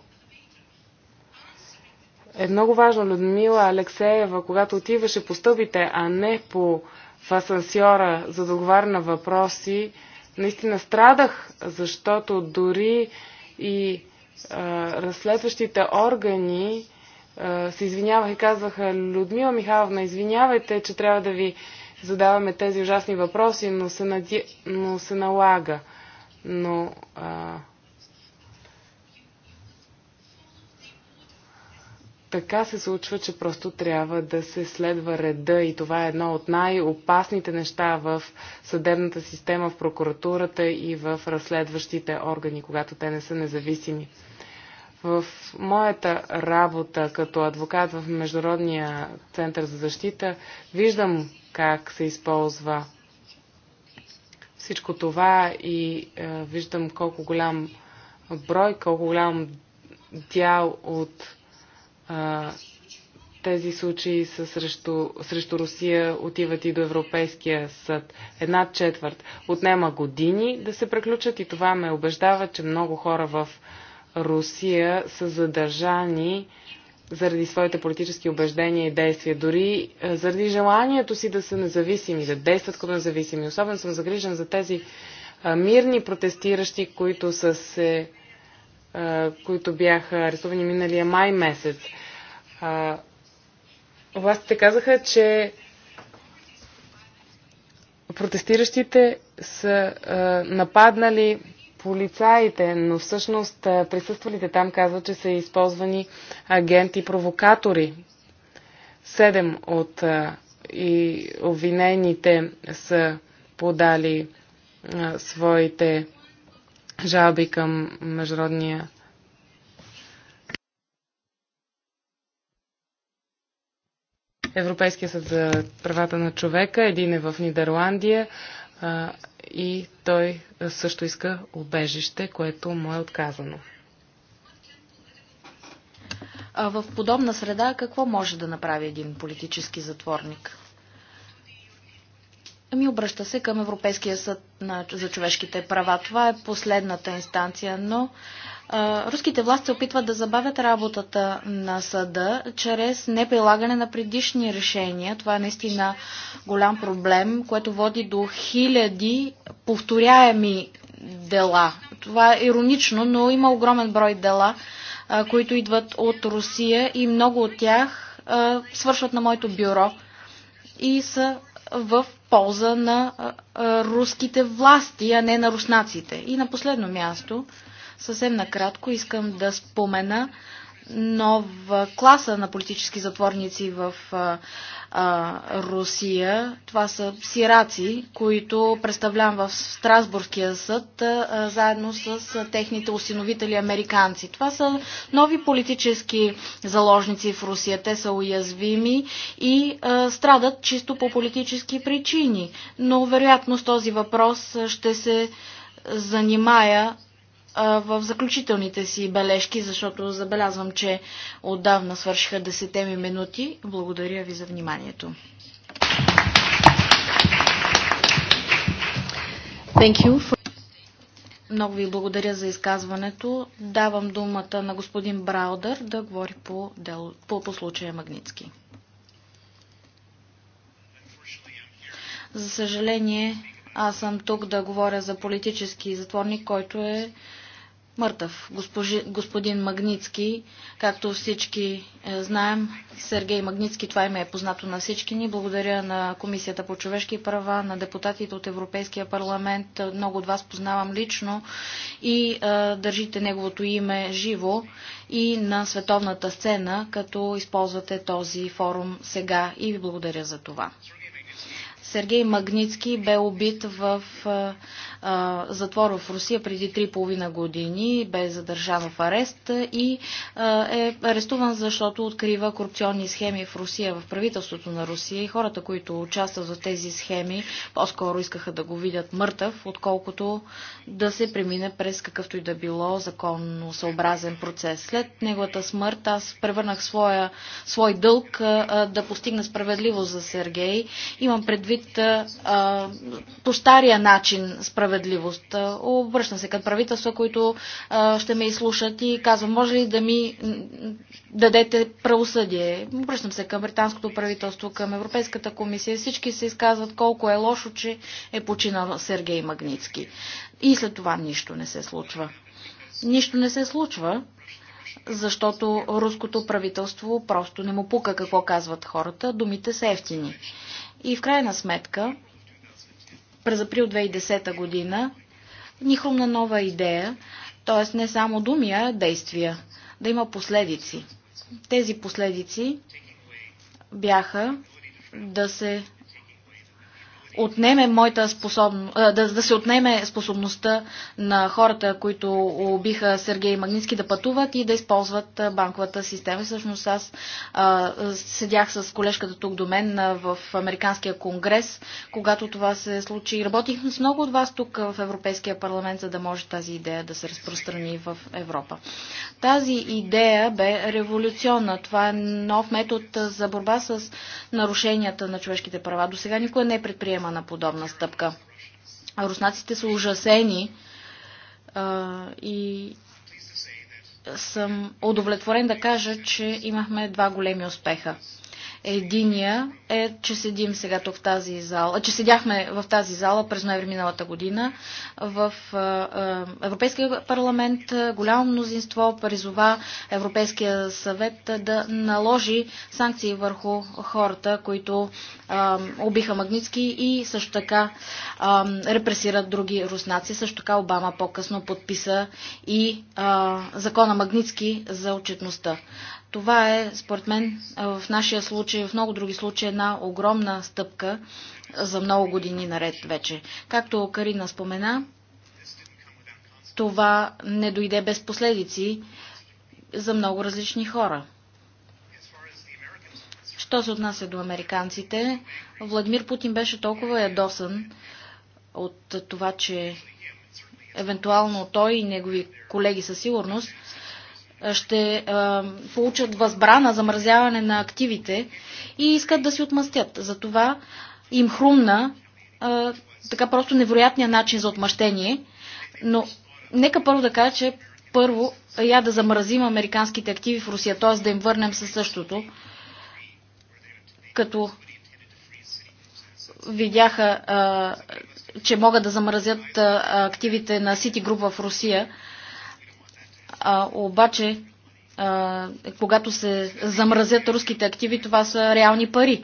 е много важно. Людмила Алексеева, когато отиваше по стълбите, а не по фасансьора за договаря на въпроси, наистина страдах, защото дори и а, разследващите органи а, се извиняваха и казваха, Людмила Михайловна, извинявайте, че трябва да ви задаваме тези ужасни въпроси, но се, нади... но се налага но а, така се случва, че просто трябва да се следва реда и това е едно от най-опасните неща в съдебната система, в прокуратурата и в разследващите органи, когато те не са независими. В моята работа като адвокат в Международния център за защита виждам как се използва всичко това и е, виждам колко голям брой, колко голям дял от е, тези случаи са срещу, срещу Русия отиват и до Европейския съд. Една четвърт. Отнема години да се преключат и това ме убеждава, че много хора в Русия са задържани заради своите политически убеждения и действия, дори е, заради желанието си да са независими, да действат като независими. Особено съм загрижен за тези е, мирни протестиращи, които, са се, е, които бяха арестувани миналия май месец. Властите казаха, че протестиращите са нападнали полицаите, но всъщност присъствалите там казват, че са използвани агенти-провокатори. Седем от и обвинените са подали своите жалби към Международния Европейския съд за правата на човека, един е в Нидерландия, а, и той също иска обежище, което му е отказано. А в подобна среда какво може да направи един политически затворник? Ами обръща се към Европейския съд на, за човешките права. Това е последната инстанция, но а, руските власти се опитват да забавят работата на съда чрез неприлагане на предишни решения. Това е наистина голям проблем, което води до хиляди повторяеми дела. Това е иронично, но има огромен брой дела, а, които идват от Русия и много от тях а, свършват на моето бюро и са в полза на руските власти, а не на руснаците. И на последно място, съвсем накратко, искам да спомена нова класа на политически затворници в а, а, Русия. Това са сираци, които представлявам в Страсбургския съд а, заедно с а, техните усиновители американци. Това са нови политически заложници в Русия. Те са уязвими и а, страдат чисто по политически причини. Но вероятно с този въпрос ще се занимая в заключителните си бележки, защото забелязвам, че отдавна свършиха десете ми минути. Благодаря ви за вниманието. Thank you for... Много ви благодаря за изказването. Давам думата на господин Браудър да говори по, дел... по, по случая Магницки. За съжаление, аз съм тук да говоря за политически затворник, който е мъртъв. Госпожи, господин Магницки, както всички е, знаем, Сергей Магницки, това име е познато на всички ни. Благодаря на Комисията по човешки права, на депутатите от Европейския парламент. Много от вас познавам лично и е, държите неговото име живо и на световната сцена, като използвате този форум сега и ви благодаря за това. Сергей Магницки бе убит в а, затвора в Русия преди 3,5 години, бе задържан в арест и а, е арестуван, защото открива корупционни схеми в Русия, в правителството на Русия и хората, които участват в тези схеми, по-скоро искаха да го видят мъртъв, отколкото да се премине през какъвто и да било законно съобразен процес. След неговата смърт аз превърнах своя, свой дълг а, да постигна справедливост за Сергей. Имам предвид вид а, по стария начин справедливост. Обръщам се към правителства, които а, ще ме изслушат и казвам, може ли да ми дадете правосъдие? Обръщам се към британското правителство, към Европейската комисия. Всички се изказват колко е лошо, че е починал Сергей Магницки. И след това нищо не се случва. Нищо не се случва, защото руското правителство просто не му пука какво казват хората, думите са ефтини. И в крайна сметка, през април 2010 година, ни хрумна нова идея, т.е. не само думи, а действия, да има последици. Тези последици бяха да се отнеме моята способност, да, да се отнеме способността на хората, които убиха Сергей Магнитски да пътуват и да използват банковата система. Всъщност аз а, седях с колежката тук до мен а, в Американския конгрес, когато това се случи. Работих с много от вас тук в Европейския парламент, за да може тази идея да се разпространи в Европа. Тази идея бе революционна. Това е нов метод за борба с нарушенията на човешките права. До сега никой не е предприемал приема на подобна стъпка. Руснаците са ужасени а, и съм удовлетворен да кажа, че имахме два големи успеха. Единия е, че седим сега тук в тази зала, че седяхме в тази зала през ноември миналата година в Европейския парламент. Голямо мнозинство призова Европейския съвет да наложи санкции върху хората, които убиха Магницки и също така репресират други руснаци. Също така Обама по-късно подписа и закона Магницки за отчетността. Това е, според мен, е, в нашия случай, в много други случаи, една огромна стъпка за много години наред вече. Както Карина спомена, това не дойде без последици за много различни хора. Що се отнася до американците, Владимир Путин беше толкова ядосан от това, че евентуално той и негови колеги със сигурност ще получат възбрана замразяване на активите и искат да си отмъстят. Затова им хрумна така просто невероятния начин за отмъщение. Но нека първо да кажа, че първо я да замразим американските активи в Русия, т.е. да им върнем със същото, като видяха, а, че могат да замразят а, активите на Ситигруп в Русия, а, обаче, а, когато се замразят руските активи, това са реални пари.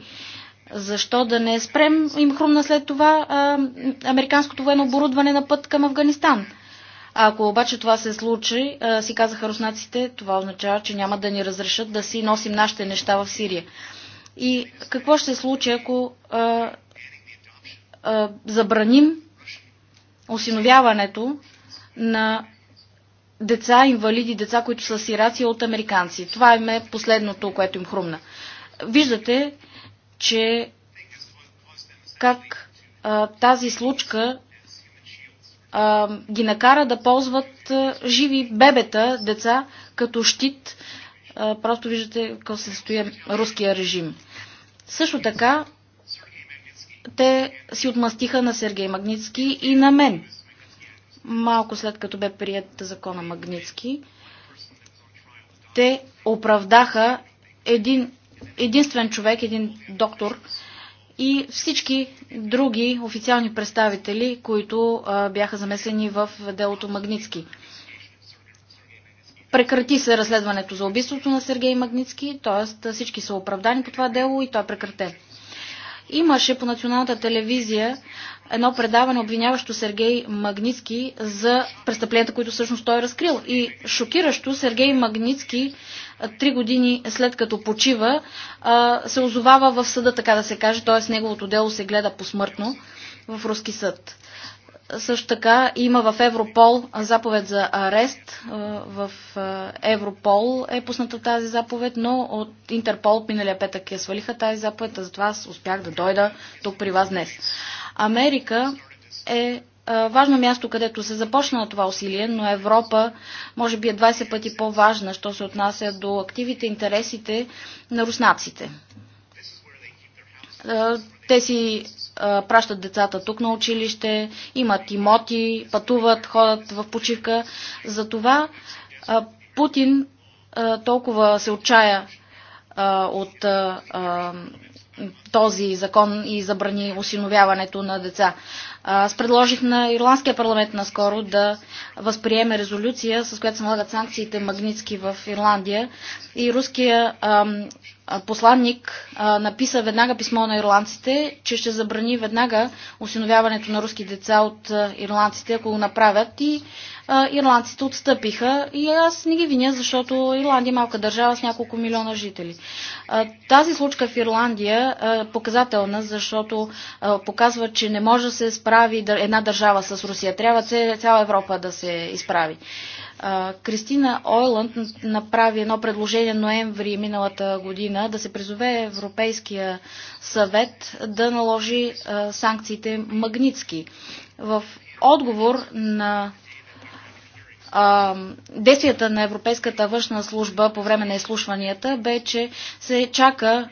Защо да не спрем им хрумна след това а, американското военно оборудване на път към Афганистан? А ако обаче това се случи, а, си казаха руснаците, това означава, че няма да ни разрешат да си носим нашите неща в Сирия. И какво ще се случи, ако а, а, забраним осиновяването на деца, инвалиди, деца, които са сираци от американци. Това е последното, което им хрумна. Виждате, че как а, тази случка а, ги накара да ползват а, живи бебета, деца, като щит. А, просто виждате какво се състои руския режим. Също така, те си отмъстиха на Сергей Магницки и на мен малко след като бе прият закона Магницки, те оправдаха един единствен човек, един доктор и всички други официални представители, които а, бяха замесени в делото Магницки. Прекрати се разследването за убийството на Сергей Магницки, т.е. всички са оправдани по това дело и той е прекратен. Имаше по националната телевизия едно предаване, обвиняващо Сергей Магницки за престъпленията, които всъщност той е разкрил. И шокиращо Сергей Магницки три години след като почива се озовава в съда, така да се каже, т.е. неговото дело се гледа посмъртно в руски съд. Също така има в Европол заповед за арест. Е, в е, Европол е пусната тази заповед, но от Интерпол от миналия петък я свалиха тази заповед, а затова аз успях да дойда тук при вас днес. Америка е, е важно място, където се започна това усилие, но Европа може би е 20 пъти по-важна, що се отнася до активите, интересите на руснаците те си а, пращат децата тук на училище, имат имоти, пътуват, ходят в почивка. Затова а, Путин а, толкова се отчая а, от а, този закон и забрани осиновяването на деца. Аз предложих на Ирландския парламент наскоро да възприеме резолюция, с която се налагат санкциите магнитски в Ирландия. И руския ам, посланник а, написа веднага писмо на ирландците, че ще забрани веднага осиновяването на руски деца от а, ирландците, ако го направят. И а, ирландците отстъпиха и аз не ги виня, защото Ирландия е малка държава с няколко милиона жители. А, тази случка в Ирландия е показателна, защото а, показва, че не може да се справи изправи една държава с Русия. Трябва цяла Европа да се изправи. Кристина Ойланд направи едно предложение ноември миналата година да се призове Европейския съвет да наложи санкциите магнитски. В отговор на действията на Европейската външна служба по време на изслушванията бе, че се чака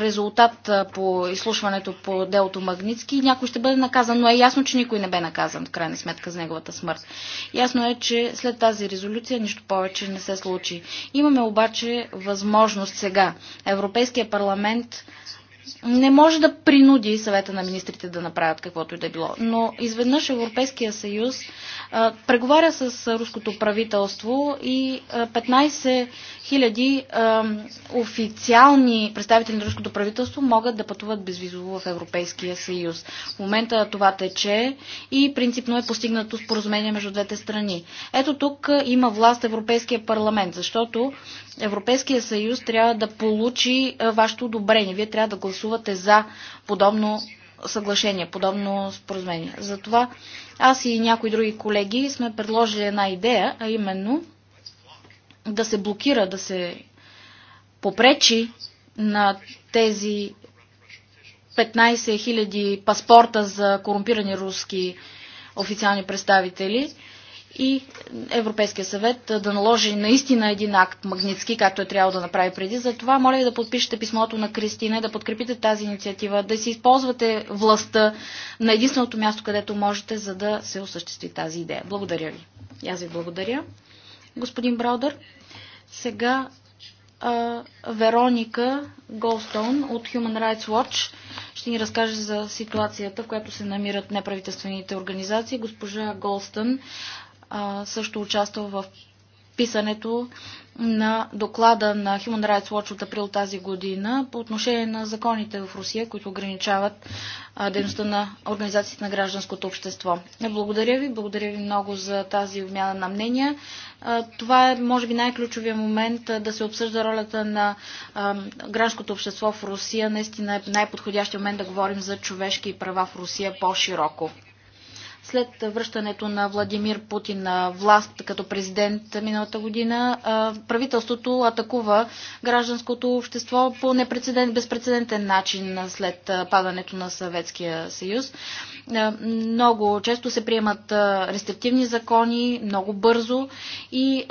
резултат по изслушването по делото Магницки и някой ще бъде наказан, но е ясно, че никой не бе наказан в крайна сметка за неговата смърт. Ясно е, че след тази резолюция нищо повече не се случи. Имаме обаче възможност сега Европейския парламент не може да принуди съвета на министрите да направят каквото и да е било. Но изведнъж Европейския съюз а, преговаря с руското правителство и а, 15 хиляди официални представители на руското правителство могат да пътуват безвизово в Европейския съюз. В момента това тече и принципно е постигнато споразумение между двете страни. Ето тук има власт Европейския парламент, защото Европейския съюз трябва да получи вашето одобрение. Вие трябва да гласувате за подобно съглашение, подобно споразумение. Затова аз и някои други колеги сме предложили една идея, а именно да се блокира, да се попречи на тези 15 000 паспорта за корумпирани руски официални представители и Европейския съвет да наложи наистина един акт магнитски, както е трябвало да направи преди. Затова моля ви да подпишете писмото на Кристина, да подкрепите тази инициатива, да си използвате властта на единственото място, където можете, за да се осъществи тази идея. Благодаря ви. И аз ви благодаря господин Браудър. Сега а, Вероника Голстон от Human Rights Watch ще ни разкаже за ситуацията, в която се намират неправителствените организации. Госпожа Голстън а, също участва в писането на доклада на Human Rights Watch от април тази година по отношение на законите в Русия, които ограничават дейността на организациите на гражданското общество. Е, благодаря ви, благодаря ви много за тази обмяна на мнения. Това е, може би, най-ключовия момент да се обсъжда ролята на гражданското общество в Русия. Наистина е най-подходящия момент да говорим за човешки права в Русия по-широко. След връщането на Владимир Путин на власт като президент миналата година, правителството атакува гражданското общество по безпредседентен начин след падането на Съветския съюз. Много често се приемат рестриктивни закони, много бързо и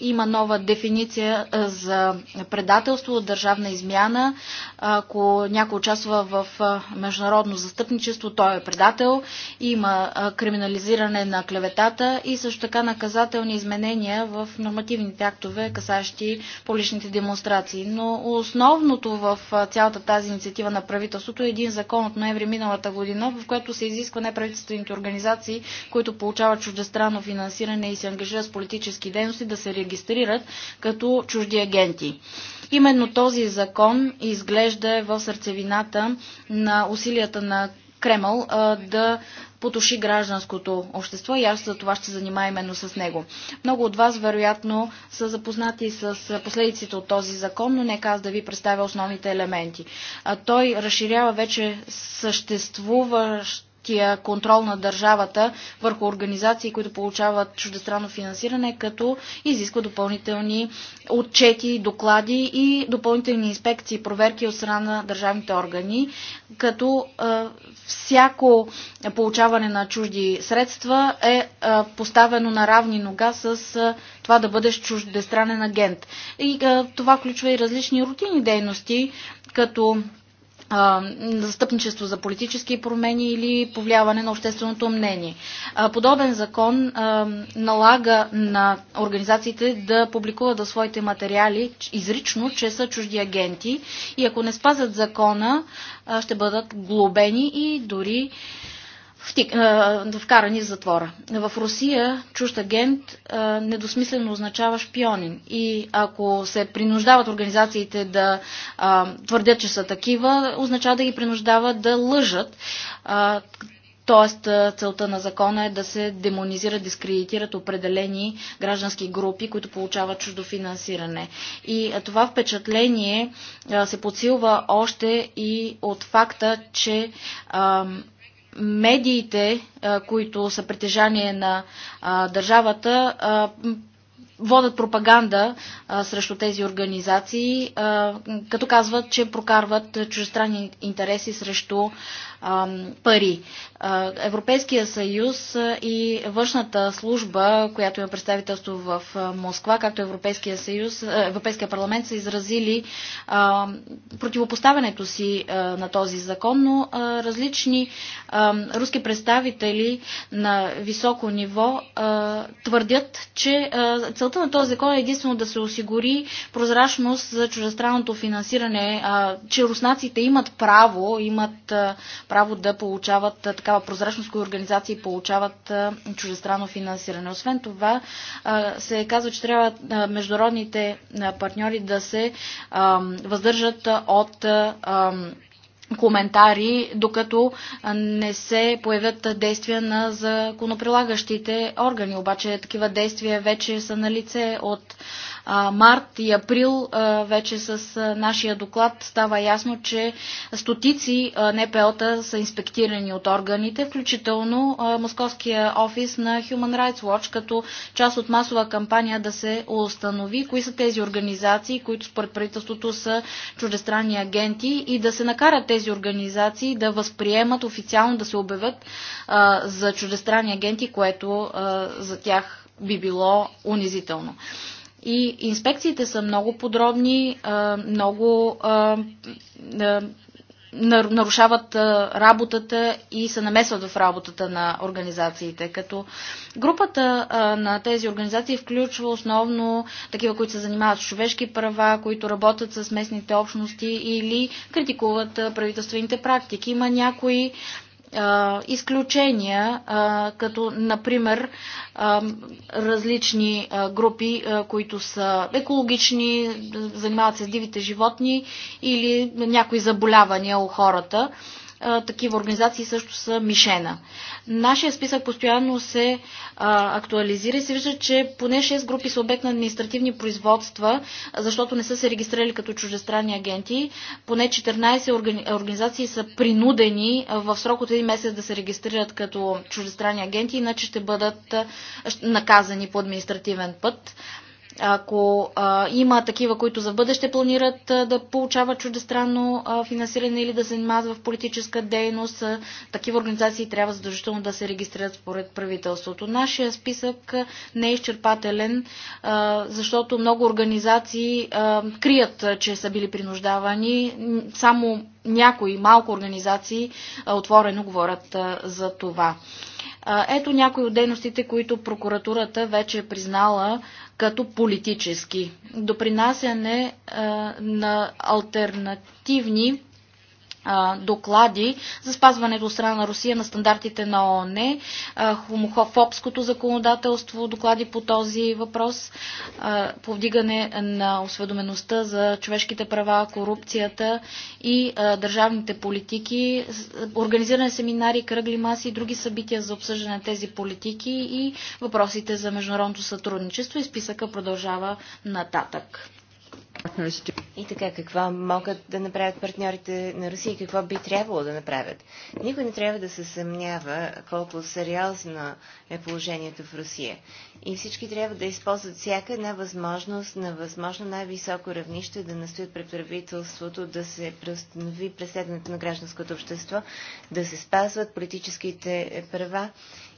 има нова дефиниция за предателство, държавна измяна. Ако някой участва в международно застъпничество, той е предател. Има криминализиране на клеветата и също така наказателни изменения в нормативните актове, касащи публичните демонстрации. Но основното в цялата тази инициатива на правителството е един закон от ноември миналата година, в който се изисква неправителствените организации, които получават чуждестранно финансиране и се ангажират с политически дейности, да се регистрират като чужди агенти. Именно този закон изглежда в сърцевината на усилията на Кремъл да потуши гражданското общество и аз за това ще занимая именно с него. Много от вас, вероятно, са запознати с последиците от този закон, но нека аз да ви представя основните елементи. Той разширява вече съществуващ тия контрол на държавата върху организации, които получават чуждестранно финансиране, като изисква допълнителни отчети, доклади и допълнителни инспекции проверки от страна на държавните органи, като всяко получаване на чужди средства е поставено на равни нога с това да бъдеш чуждестранен агент. И това включва и различни рутини дейности, като застъпничество за политически промени или повлияване на общественото мнение. Подобен закон налага на организациите да публикуват в своите материали изрично, че са чужди агенти и ако не спазят закона, ще бъдат глобени и дори втик, е, вкарани в затвора. В Русия чужд агент недосмислено означава шпионин. И ако се принуждават организациите да твърдят, че са такива, означава да ги принуждават да лъжат. Тоест, целта на закона е да се демонизират, дискредитират определени граждански групи, които получават чуждо финансиране. И това впечатление се подсилва още и от факта, че медиите, които са притежание на държавата, водят пропаганда а, срещу тези организации, а, като казват, че прокарват чужестранни интереси срещу а, пари. А, Европейския съюз и външната служба, която има представителство в Москва, както Европейския, съюз, Европейския парламент са изразили а, противопоставянето си а, на този закон, но а, различни а, руски представители на високо ниво а, твърдят, че а, целта на този закон е единствено да се осигури прозрачност за чужестранното финансиране, а, че руснаците имат право, имат а, право да получават а, такава прозрачност, кои организации получават а, чужестранно финансиране. Освен това, а, се казва, че трябва а, международните а, партньори да се а, въздържат а, от а, коментари, докато не се появят действия на законоприлагащите органи. Обаче такива действия вече са на лице от март и април вече с нашия доклад става ясно, че стотици НПО-та са инспектирани от органите, включително Московския офис на Human Rights Watch, като част от масова кампания да се установи кои са тези организации, които според правителството са чуждестранни агенти и да се накарат тези организации да възприемат официално да се обявят за чуждестранни агенти, което за тях би било унизително. И инспекциите са много подробни, много нарушават работата и се намесват в работата на организациите. Като групата на тези организации включва основно такива, които се занимават с човешки права, които работят с местните общности или критикуват правителствените практики. Има някои а, изключения, а, като например а, различни а, групи, а, които са екологични, занимават се с дивите животни или някои заболявания у хората. А, такива организации също са мишена. Нашия списък постоянно се а, актуализира и се вижда, че поне 6 групи са обект на административни производства, защото не са се регистрирали като чуждестранни агенти. Поне 14 органи... организации са принудени в срок от един месец да се регистрират като чуждестранни агенти, иначе ще бъдат наказани по административен път. Ако а, има такива, които за бъдеще планират а, да получават чуждестранно а, финансиране или да се занимават в политическа дейност, а, такива организации трябва задължително да се регистрират според правителството. Нашия списък не е изчерпателен, а, защото много организации а, крият, а, че са били принуждавани. Само някои малко организации а, отворено говорят а, за това. Ето някои от дейностите, които прокуратурата вече е признала като политически. Допринасяне а, на альтернативни доклади за спазването от страна на Русия на стандартите на ООН, хомофобското законодателство, доклади по този въпрос, повдигане на осведомеността за човешките права, корупцията и държавните политики, организиране семинари, кръгли маси и други събития за обсъждане на тези политики и въпросите за международното сътрудничество и списъка продължава нататък. И така, какво могат да направят партньорите на Русия и какво би трябвало да направят? Никой не трябва да се съмнява колко сериозно е положението в Русия. И всички трябва да използват всяка една възможност на възможно най-високо равнище да настоят пред правителството да се преустанови преследването на гражданското общество, да се спазват политическите права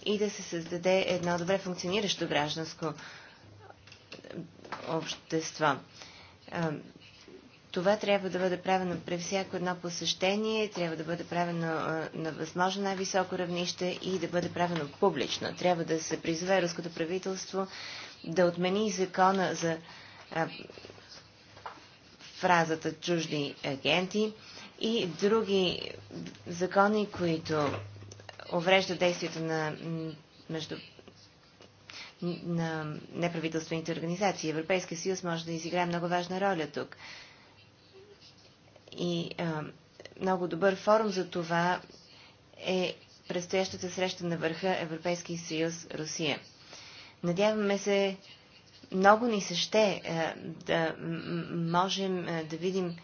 и да се създаде едно добре функциониращо гражданско общество това трябва да бъде правено при всяко едно посещение, трябва да бъде правено на възможно най-високо равнище и да бъде правено публично. Трябва да се призове руското правителство да отмени закона за фразата чужди агенти и други закони, които увреждат действието на между на неправителствените организации. Европейския съюз може да изиграе много важна роля тук. И а, много добър форум за това е предстоящата среща на върха Европейския съюз Русия. Надяваме се, много ни се ще а, да можем а, да видим а,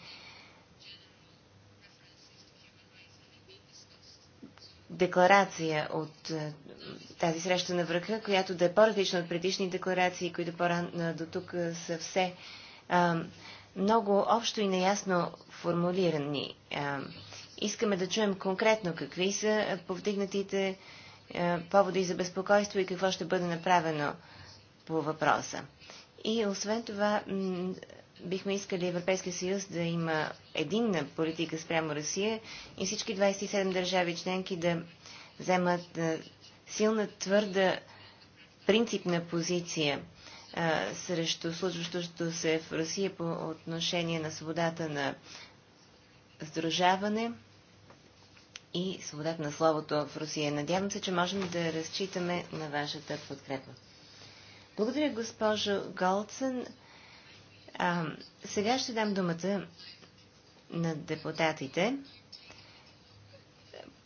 декларация от е, тази среща на връха, която да е по-различна от предишни декларации, които по-рано е, до тук е, са все а, много общо и неясно формулирани. А, искаме да чуем конкретно какви са повдигнатите а, поводи за безпокойство и какво ще бъде направено по въпроса. И освен това, бихме искали Европейския съюз да има единна политика спрямо Русия и всички 27 държави членки да вземат силна, твърда, принципна позиция а, срещу случващото се в Русия по отношение на свободата на сдружаване и свободата на словото в Русия. Надявам се, че можем да разчитаме на вашата подкрепа. Благодаря, госпожо Голцен. А, сега ще дам думата на депутатите.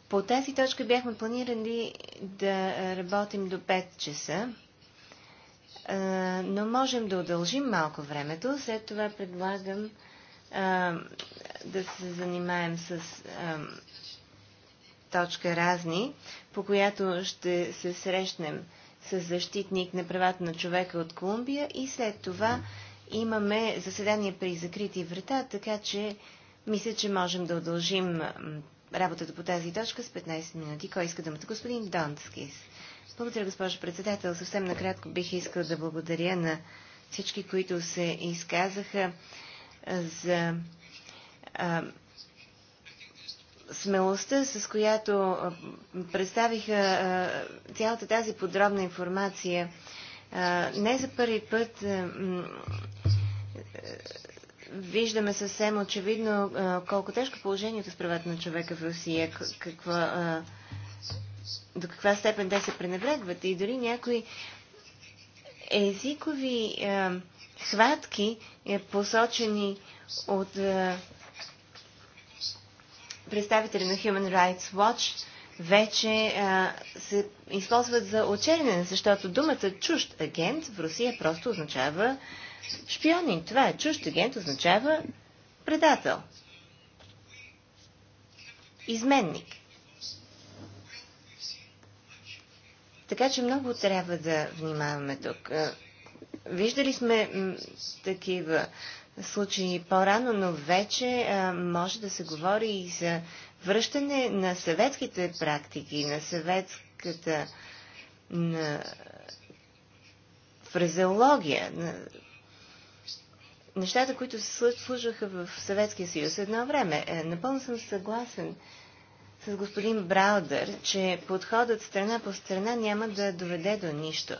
По тази точка бяхме планирали да работим до 5 часа, а, но можем да удължим малко времето. След това предлагам а, да се занимаем с а, точка разни, по която ще се срещнем с защитник на правата на човека от Колумбия и след това имаме заседание при закрити врата, така че мисля, че можем да удължим работата по тази точка с 15 минути. Кой иска думата? Господин Донскис. Благодаря, госпожо председател. Съвсем накратко бих искал да благодаря на всички, които се изказаха за а, смелостта, с която представиха а, цялата тази подробна информация. А, не за първи път виждаме съвсем очевидно колко тежко е положението с правата на човека в Русия, каква, до каква степен те се пренебрегват и дори някои езикови хватки, е, посочени от представители на Human Rights Watch, вече а, се използват за очерняне, защото думата чужд агент в Русия просто означава шпионин. Това е чужд агент, означава предател. Изменник. Така че много трябва да внимаваме тук. Виждали сме такива случаи по-рано, но вече може да се говори и за връщане на съветските практики, на съветската на фразеология, на нещата, които се служаха в Съветския съюз едно време. Е, напълно съм съгласен с господин Браудър, че подходът страна по страна няма да доведе до нищо.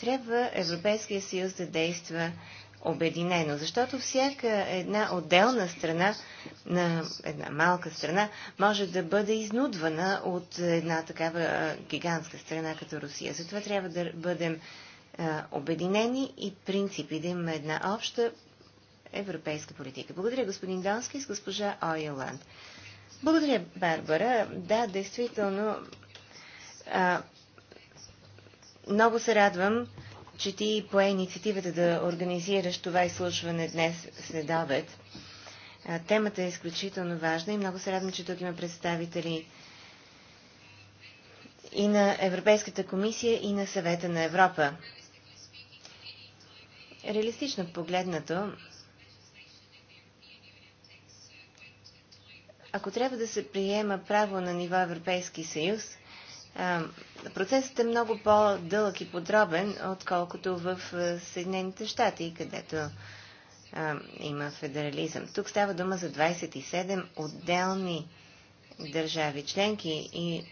Трябва Европейския съюз да действа обединено, защото всяка една отделна страна, на една малка страна, може да бъде изнудвана от една такава гигантска страна като Русия. Затова трябва да бъдем обединени и принципи, да имаме една обща европейска политика. Благодаря господин Донски с госпожа Ойланд. Благодаря, Барбара. Да, действително, а, много се радвам, че ти пое инициативата да организираш това изслушване днес след обед. А, темата е изключително важна и много се радвам, че тук има представители и на Европейската комисия, и на съвета на Европа. Реалистично погледнато, ако трябва да се приема право на ниво Европейски съюз, процесът е много по-дълъг и подробен, отколкото в Съединените щати, където има федерализъм. Тук става дума за 27 отделни държави членки и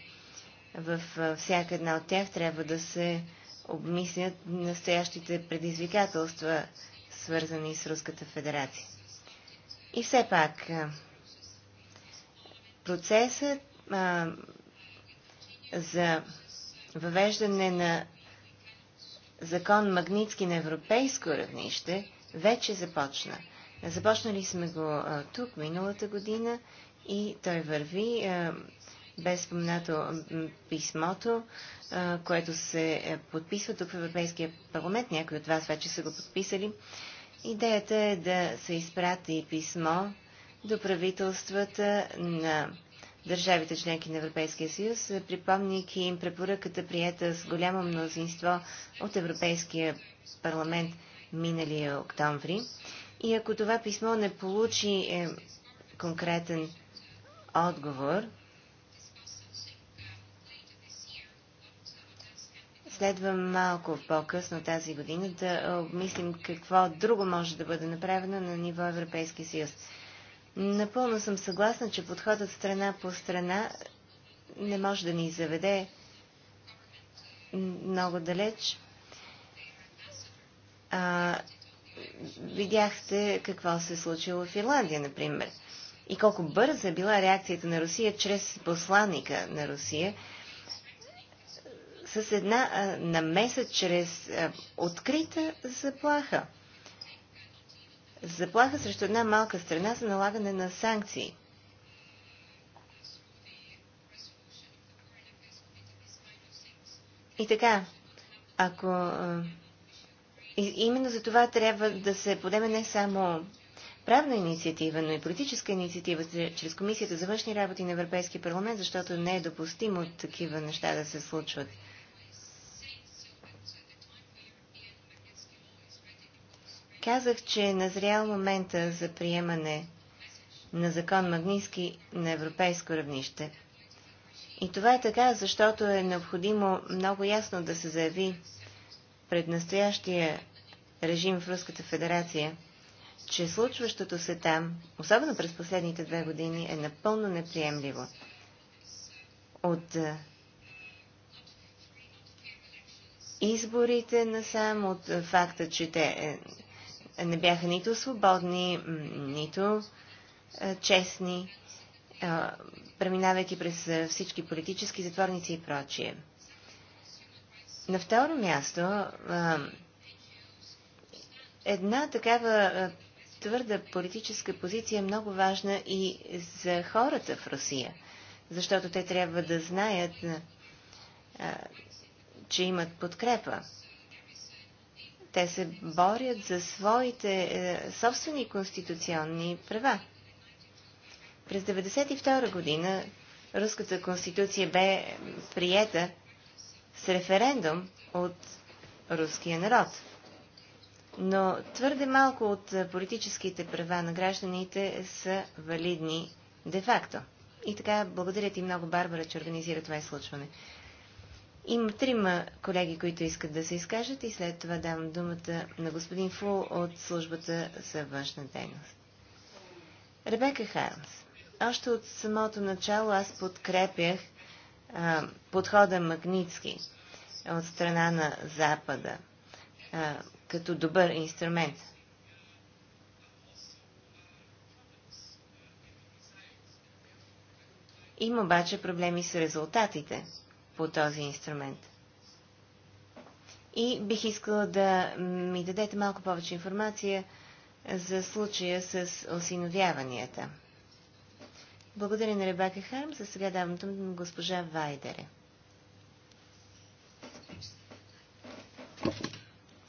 в всяка една от тях трябва да се обмислят настоящите предизвикателства, свързани с Руската федерация. И все пак, Процесът а, за въвеждане на закон магнитски на европейско равнище вече започна. Започнали сме го а, тук миналата година и той върви. А, без споменато писмото, а, което се е, подписва тук в Европейския парламент. Някои от вас вече са го подписали. Идеята е да се изпрати писмо до правителствата на държавите членки на Европейския съюз, припомняйки им препоръката, прията с голямо мнозинство от Европейския парламент миналия октомври. И ако това писмо не получи е, конкретен отговор, следва малко по-късно тази година да обмислим какво друго може да бъде направено на ниво Европейския съюз. Напълно съм съгласна, че подходът страна по страна не може да ни заведе много далеч. А, видяхте какво се е случило в Финландия, например. И колко бърза е била реакцията на Русия чрез посланника на Русия с една а, намеса чрез а, открита заплаха заплаха срещу една малка страна за налагане на санкции. И така, ако. И, именно за това трябва да се подеме не само правна инициатива, но и политическа инициатива чрез Комисията за външни работи на Европейския парламент, защото не е допустимо такива неща да се случват. Казах, че е назрял момента за приемане на закон Магниски на европейско равнище. И това е така, защото е необходимо много ясно да се заяви пред настоящия режим в Руската федерация, че случващото се там, особено през последните две години, е напълно неприемливо. От е, изборите насам, от е, факта, че те е, е, не бяха нито свободни, нито е, честни, е, преминавайки през всички политически затворници и прочие. На второ място, една такава твърда политическа позиция е много важна и за хората в Русия, защото те трябва да знаят, че имат подкрепа. Те се борят за своите е, собствени конституционни права. През 1992 година Руската конституция бе приета с референдум от руския народ. Но твърде малко от политическите права на гражданите са валидни де-факто. И така, благодаря ти много, Барбара, че организира това изслушване. Има трима колеги, които искат да се изкажат и след това давам думата на господин Фул от службата за външна дейност. Ребека Хармс. Още от самото начало аз подкрепях а, подхода Магницки от страна на Запада а, като добър инструмент. Има обаче проблеми с резултатите – по този инструмент. И бих искала да ми дадете малко повече информация за случая с осиновяванията. Благодаря на Ребака Харм. За сега давам на госпожа Вайдере.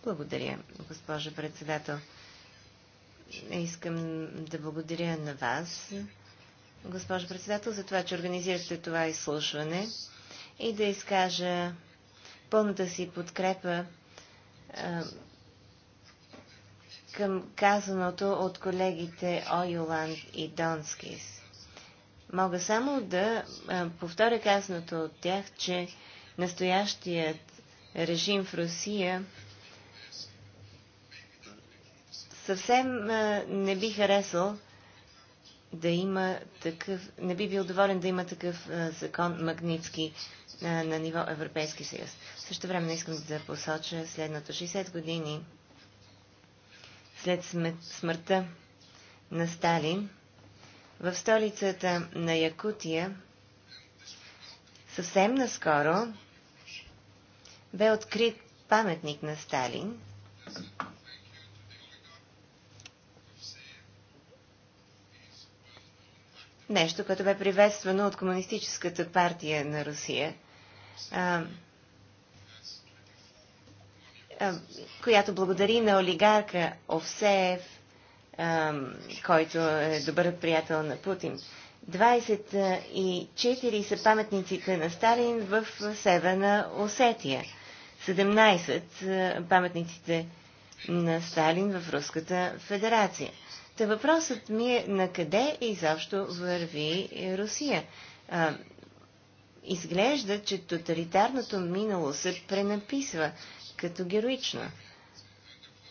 Благодаря, госпожа председател. Искам да благодаря на вас, госпожа председател, за това, че организирате това изслушване и да изкажа пълната си подкрепа към казаното от колегите Ойоланд и Донскис. Мога само да повторя казаното от тях, че настоящият режим в Русия съвсем не би харесал да има такъв, не би бил доволен да има такъв закон Магницки на, на ниво Европейски съюз. Също време искам да посоча следното. 60 години след смъртта на Сталин, в столицата на Якутия съвсем наскоро бе открит паметник на Сталин. Нещо, което бе приветствано от Комунистическата партия на Русия – която благодари на олигарка Овсеев, който е добър приятел на Путин. 24 са паметниците на Сталин в Северна Осетия. 17 са паметниците на Сталин в Руската федерация. Та въпросът ми е на къде изобщо върви Русия изглежда, че тоталитарното минало се пренаписва като героично.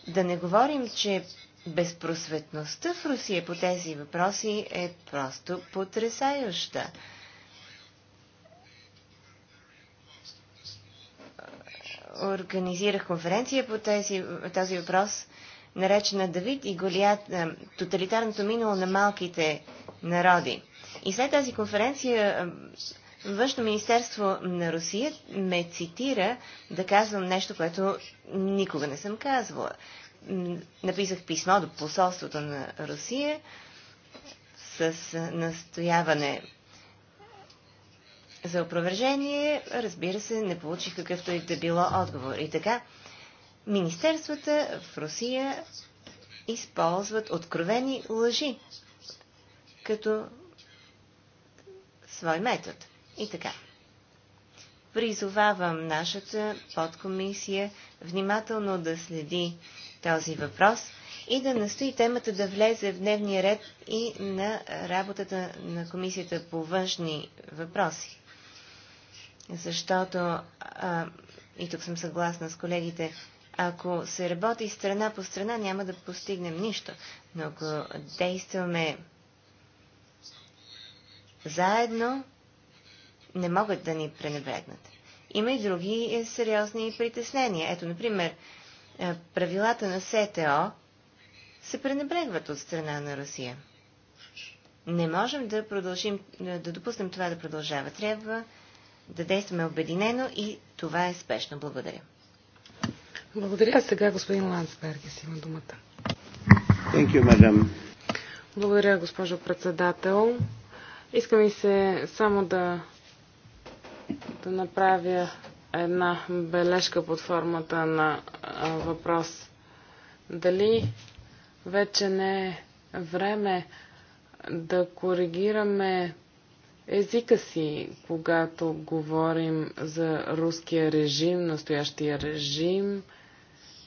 Да не говорим, че безпросветността в Русия по тези въпроси е просто потрясающа. Организирах конференция по тези, този въпрос, наречена Давид и Голият, е, тоталитарното минало на малките народи. И след тази конференция е, Външно министерство на Русия ме цитира да казвам нещо, което никога не съм казвала. Написах писмо до посолството на Русия с настояване за опровержение. Разбира се, не получих какъвто и да било отговор. И така, министерствата в Русия използват откровени лъжи като свой метод. И така. Призовавам нашата подкомисия внимателно да следи този въпрос и да настои темата да влезе в дневния ред и на работата на комисията по външни въпроси. Защото, а, и тук съм съгласна с колегите, ако се работи страна по страна, няма да постигнем нищо. Но ако действаме заедно, не могат да ни пренебрегнат. Има и други е, сериозни притеснения. Ето, например, е, правилата на СТО се пренебрегват от страна на Русия. Не можем да продължим, е, да допуснем това да продължава. Трябва да действаме обединено и това е спешно. Благодаря. Благодаря. Сега господин си има думата. Thank you, madam. Благодаря, госпожо председател. Искам и се само да да направя една бележка под формата на а, въпрос. Дали вече не е време да коригираме езика си, когато говорим за руския режим, настоящия режим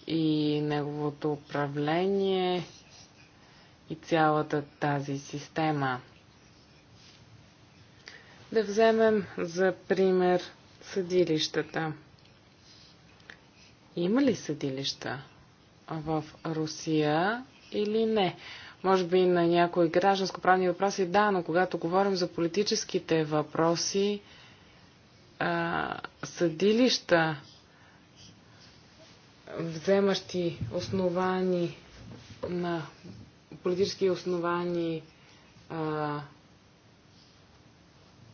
и неговото управление и цялата тази система? Да вземем за пример съдилищата. Има ли съдилища в Русия или не? Може би на някои гражданско-правни въпроси да, но когато говорим за политическите въпроси, съдилища, вземащи основани на политически основани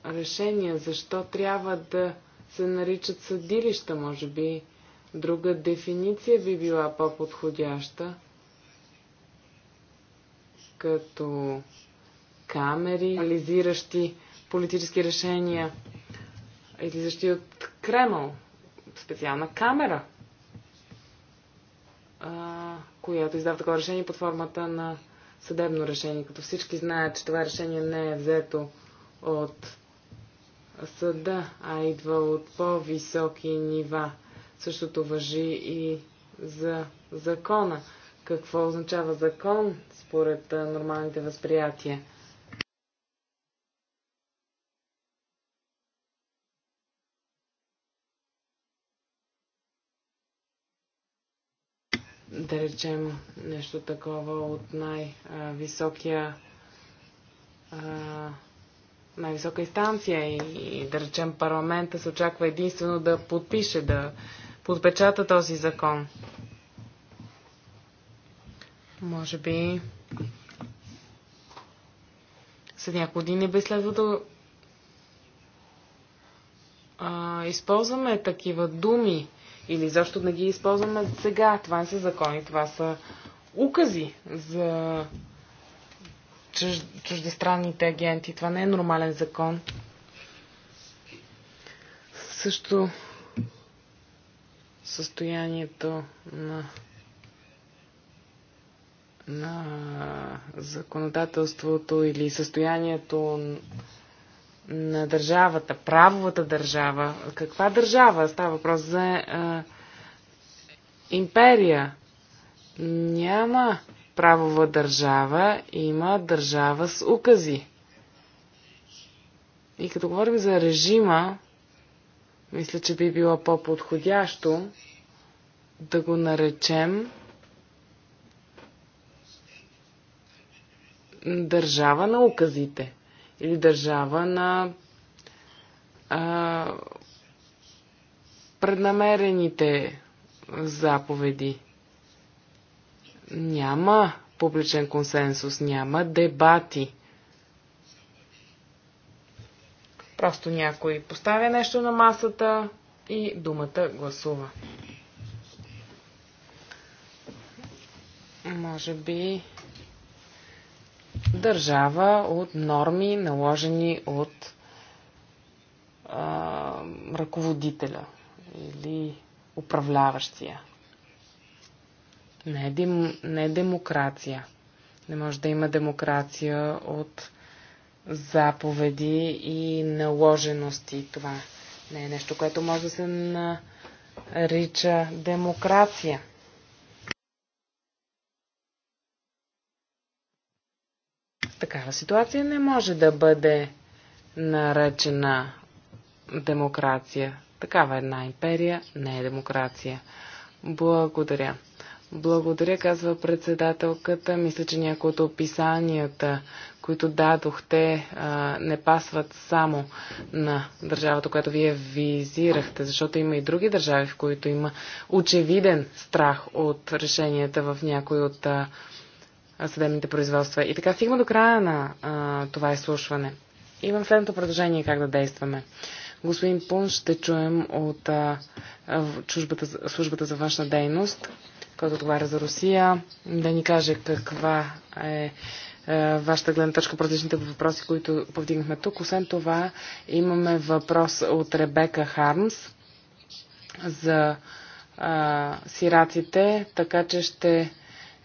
решения. Защо трябва да се наричат съдилища, може би? Друга дефиниция би била по-подходяща, като камери, анализиращи политически решения, излизащи от Кремъл, специална камера, която издава такова решение под формата на съдебно решение, като всички знаят, че това решение не е взето от съда, а идва от по-високи нива. Същото въжи и за закона. Какво означава закон според нормалните възприятия? да речем нещо такова от най-високия на висока инстанция и, и да речем парламента се очаква единствено да подпише, да подпечата този закон. Може би след няколко години би следвало да а, използваме такива думи или защо да ги използваме сега. Това не са закони, това са укази за чуж, чуждестранните агенти. Това не е нормален закон. Също състоянието на на законодателството или състоянието на държавата, правовата държава. Каква държава? Става въпрос за а, империя. Няма правова държава има държава с укази. И като говорим за режима, мисля, че би било по-подходящо да го наречем държава на указите или държава на а, преднамерените заповеди няма публичен консенсус, няма дебати. Просто някой поставя нещо на масата и думата гласува. Може би държава от норми, наложени от а, ръководителя или управляващия не е, дем, не е демокрация. Не може да има демокрация от заповеди и наложености. Това не е нещо, което може да се нарича демокрация. Такава ситуация не може да бъде наречена демокрация. Такава една империя не е демокрация. Благодаря. Благодаря, казва председателката. Мисля, че някои от описанията, които дадохте, не пасват само на държавата, която вие визирахте, защото има и други държави, в които има очевиден страх от решенията в някои от съдебните производства. И така стигна до края на това изслушване. Имам следното предложение как да действаме. Господин Пун ще чуем от а, чужбата, службата за външна дейност който отговаря за Русия, да ни каже каква е, е вашата гледна точка по различните въпроси, които повдигнахме тук. Освен това, имаме въпрос от Ребека Хармс за а, сираците, така че ще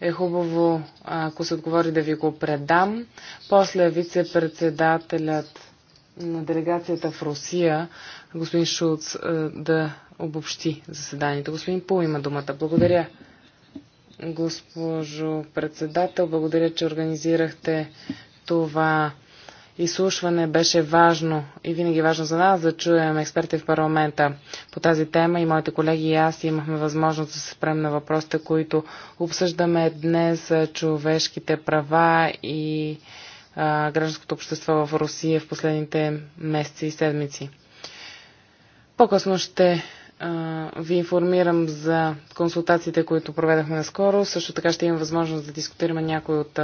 е хубаво, ако се отговори да ви го предам. После вице-председателят на делегацията в Русия, господин Шулц, е, да обобщи заседанието. Господин Пул има думата. Благодаря госпожо председател. Благодаря, че организирахте това изслушване. Беше важно и винаги важно за нас да чуем експерти в парламента по тази тема и моите колеги и аз имахме възможност да се спрем на въпросите, които обсъждаме днес човешките права и гражданското общество в Русия в последните месеци и седмици. По-късно ще ви информирам за консултациите, които проведахме наскоро. Също така ще имам възможност да дискутираме някои от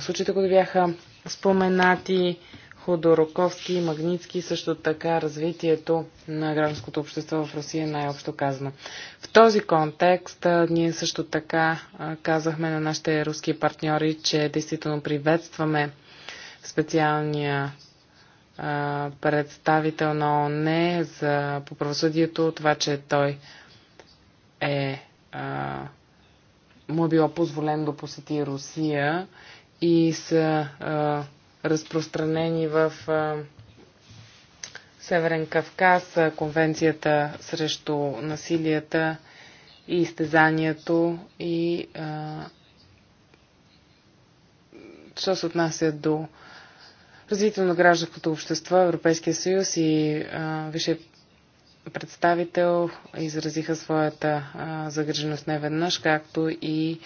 случаите, които бяха споменати. Ходороковски, Магницки, също така развитието на гражданското общество в Русия, най-общо казано. В този контекст ние също така казахме на нашите руски партньори, че действително приветстваме специалния представител на ООН за, по правосъдието, това, че той е а, му е било позволен да посети Русия и са а, разпространени в а, Северен Кавказ конвенцията срещу насилията и изтезанието и а, що се отнася до Развитието на гражданското общество, Европейския съюз и висше представител изразиха своята а, загриженост не веднъж, както и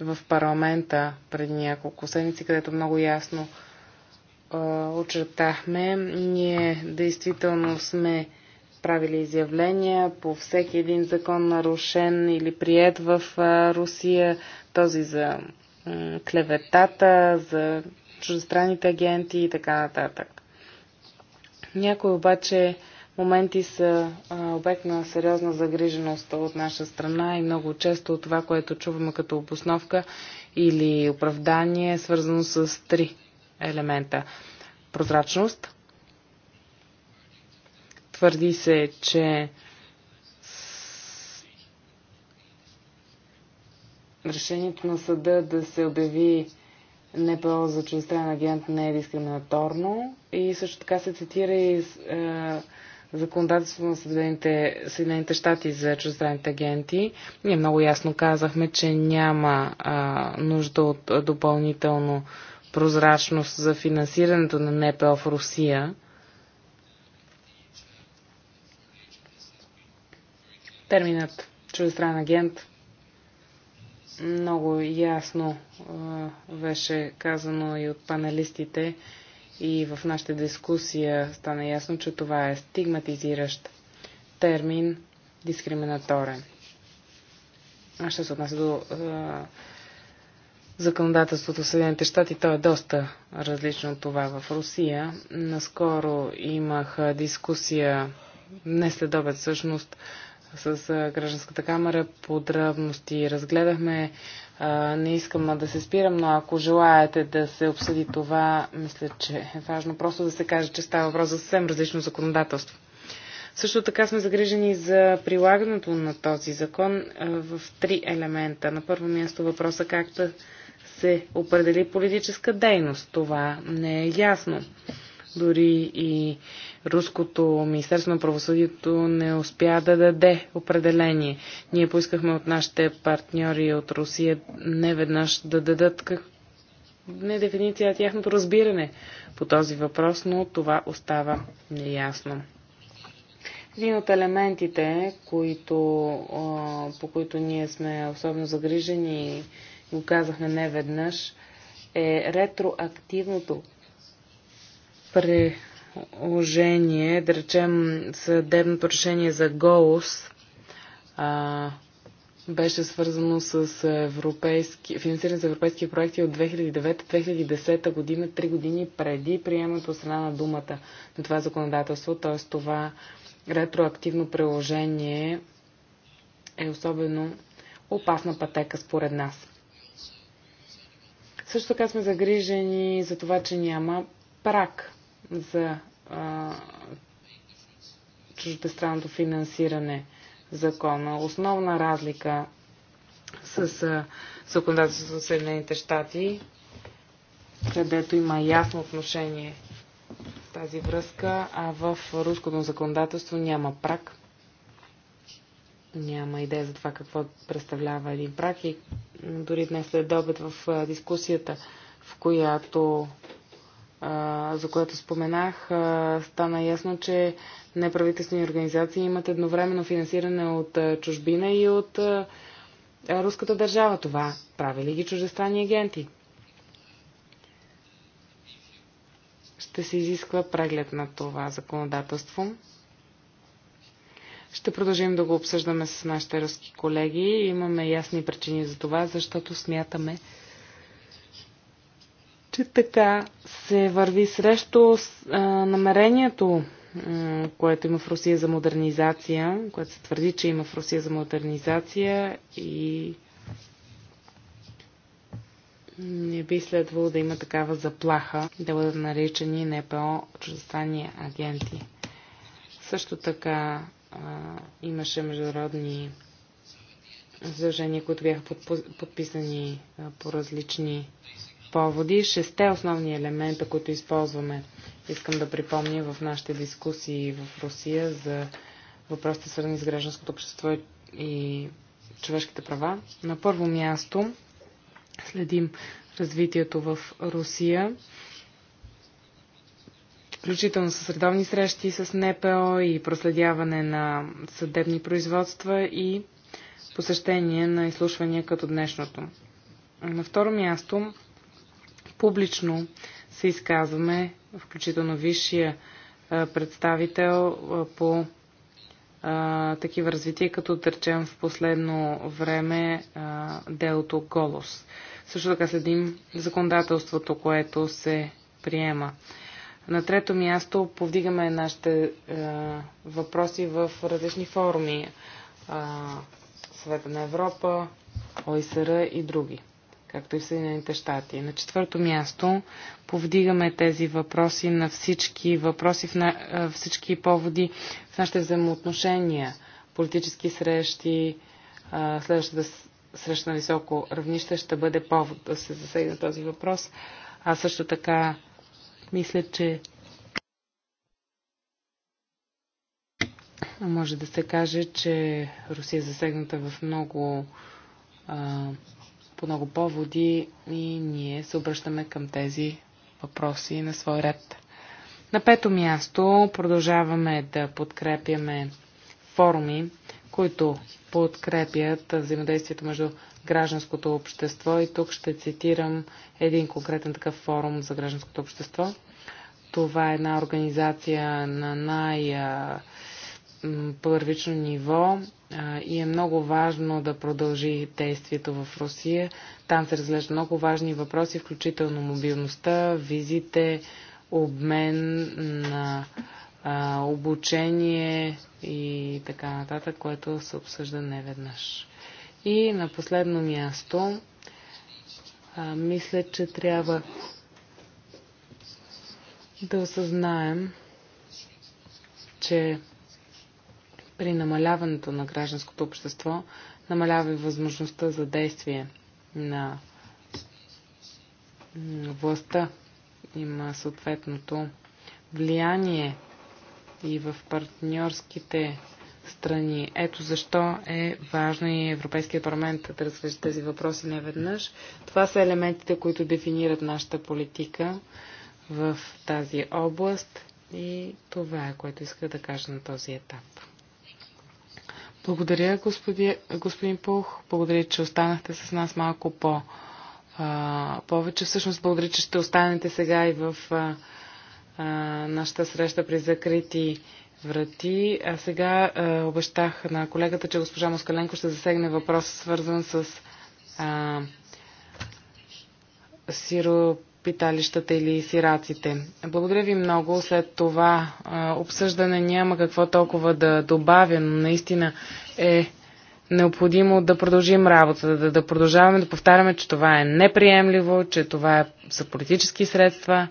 в парламента преди няколко седмици, където много ясно а, очертахме. Ние действително сме правили изявления по всеки един закон нарушен или прият в а, Русия, този за клеветата, за чуждестранните агенти и така нататък. Някои обаче моменти са обект на сериозна загриженост от наша страна и много често от това, което чуваме като обосновка или оправдание е свързано с три елемента. Прозрачност. Твърди се, че решението на съда да се обяви НПО за чуждестранен агент не е дискриминаторно и също така се цитира и е, законодателството на Съединените, Съединените щати за чуждестранните агенти. Ние много ясно казахме, че няма е, нужда от допълнително прозрачност за финансирането на НПО в Русия. Терминът чуждестранен агент много ясно беше казано и от панелистите и в нашата дискусия стана ясно, че това е стигматизиращ термин, дискриминаторен. Аз ще се отнася до законодателството в Съединените щати, то е доста различно от това в Русия. Наскоро имах дискусия, не след обед всъщност, с Гражданската камера подробности разгледахме. Не искам да се спирам, но ако желаете да се обсъди това, мисля, че е важно просто да се каже, че става въпрос за съвсем различно законодателство. Също така сме загрижени за прилагането на този закон в три елемента. На първо място въпроса как да се определи политическа дейност. Това не е ясно. Дори и руското Министерство на правосъдието не успя да даде определение. Ние поискахме от нашите партньори от Русия не веднъж да дадат как... не дефиниция, а тяхното разбиране по този въпрос, но това остава неясно. Един от елементите, които, по които ние сме особено загрижени и го казахме не веднъж, е ретроактивното приложение, да речем съдебното решение за ГОУС, а, беше свързано с европейски, финансиране за европейски проекти от 2009-2010 година, три години преди приемането от страна на думата на това законодателство, т.е. това ретроактивно приложение е особено опасна пътека според нас. Също така сме загрижени за това, че няма прак за а, чуждестранното финансиране закона. Основна разлика с законодателството в Съединените щати, където има ясно отношение тази връзка, а в руското законодателство няма прак. Няма идея за това какво представлява един прак и дори днес след обед в дискусията, в която за която споменах, стана ясно, че неправителствени организации имат едновременно финансиране от чужбина и от руската държава. Това прави ли ги чуждестранни агенти? Ще се изисква преглед на това законодателство. Ще продължим да го обсъждаме с нашите руски колеги. Имаме ясни причини за това, защото смятаме, че така се върви срещу а, намерението, което има в Русия за модернизация, което се твърди, че има в Русия за модернизация и не би следвало да има такава заплаха да бъдат наричани НПО чуждестранни агенти. Също така а, имаше международни задължения, които бяха подписани а, по различни поводи. Шесте основни елемента, които използваме, искам да припомня в нашите дискусии в Русия за въпросите свързани с гражданското общество и човешките права. На първо място следим развитието в Русия, включително с редовни срещи с НПО и проследяване на съдебни производства и посещение на изслушвания като днешното. На второ място публично се изказваме, включително висшия представител по такива развития, като търчем в последно време делото Голос. Също така следим законодателството, което се приема. На трето място повдигаме нашите въпроси в различни форуми. А, Съвета на Европа, ОИСР и други както и в Съединените щати. На четвърто място повдигаме тези въпроси на всички въпроси, в на, всички поводи в нашите взаимоотношения, политически срещи, следващата среща на високо равнище ще бъде повод да се засегне този въпрос. А също така мисля, че може да се каже, че Русия е засегната в много а, по много поводи и ние се обръщаме към тези въпроси на свой ред. На пето място продължаваме да подкрепяме форуми, които подкрепят взаимодействието между гражданското общество и тук ще цитирам един конкретен такъв форум за гражданското общество. Това е една организация на най- първично ниво, и е много важно да продължи действието в Русия. Там се разглеждат много важни въпроси, включително мобилността, визите, обмен на а, обучение и така нататък, което се обсъжда неведнъж. И на последно място, а, мисля, че трябва да осъзнаем, че при намаляването на гражданското общество намалява и възможността за действие на властта. Има съответното влияние и в партньорските страни. Ето защо е важно и Европейския парламент да разглежда тези въпроси не веднъж. Това са елементите, които дефинират нашата политика в тази област и това е, което иска да кажа на този етап. Благодаря, господи, господин Пух. Благодаря, че останахте с нас малко по, а, повече. Всъщност, благодаря, че ще останете сега и в а, а, нашата среща при закрити врати. А сега а, обещах на колегата, че госпожа Москаленко ще засегне въпрос, свързан с а, сироп питалищата или сираците. Благодаря ви много. След това обсъждане няма какво толкова да добавя, но наистина е необходимо да продължим работата, да, да продължаваме да повтаряме, че това е неприемливо, че това е, са политически средства.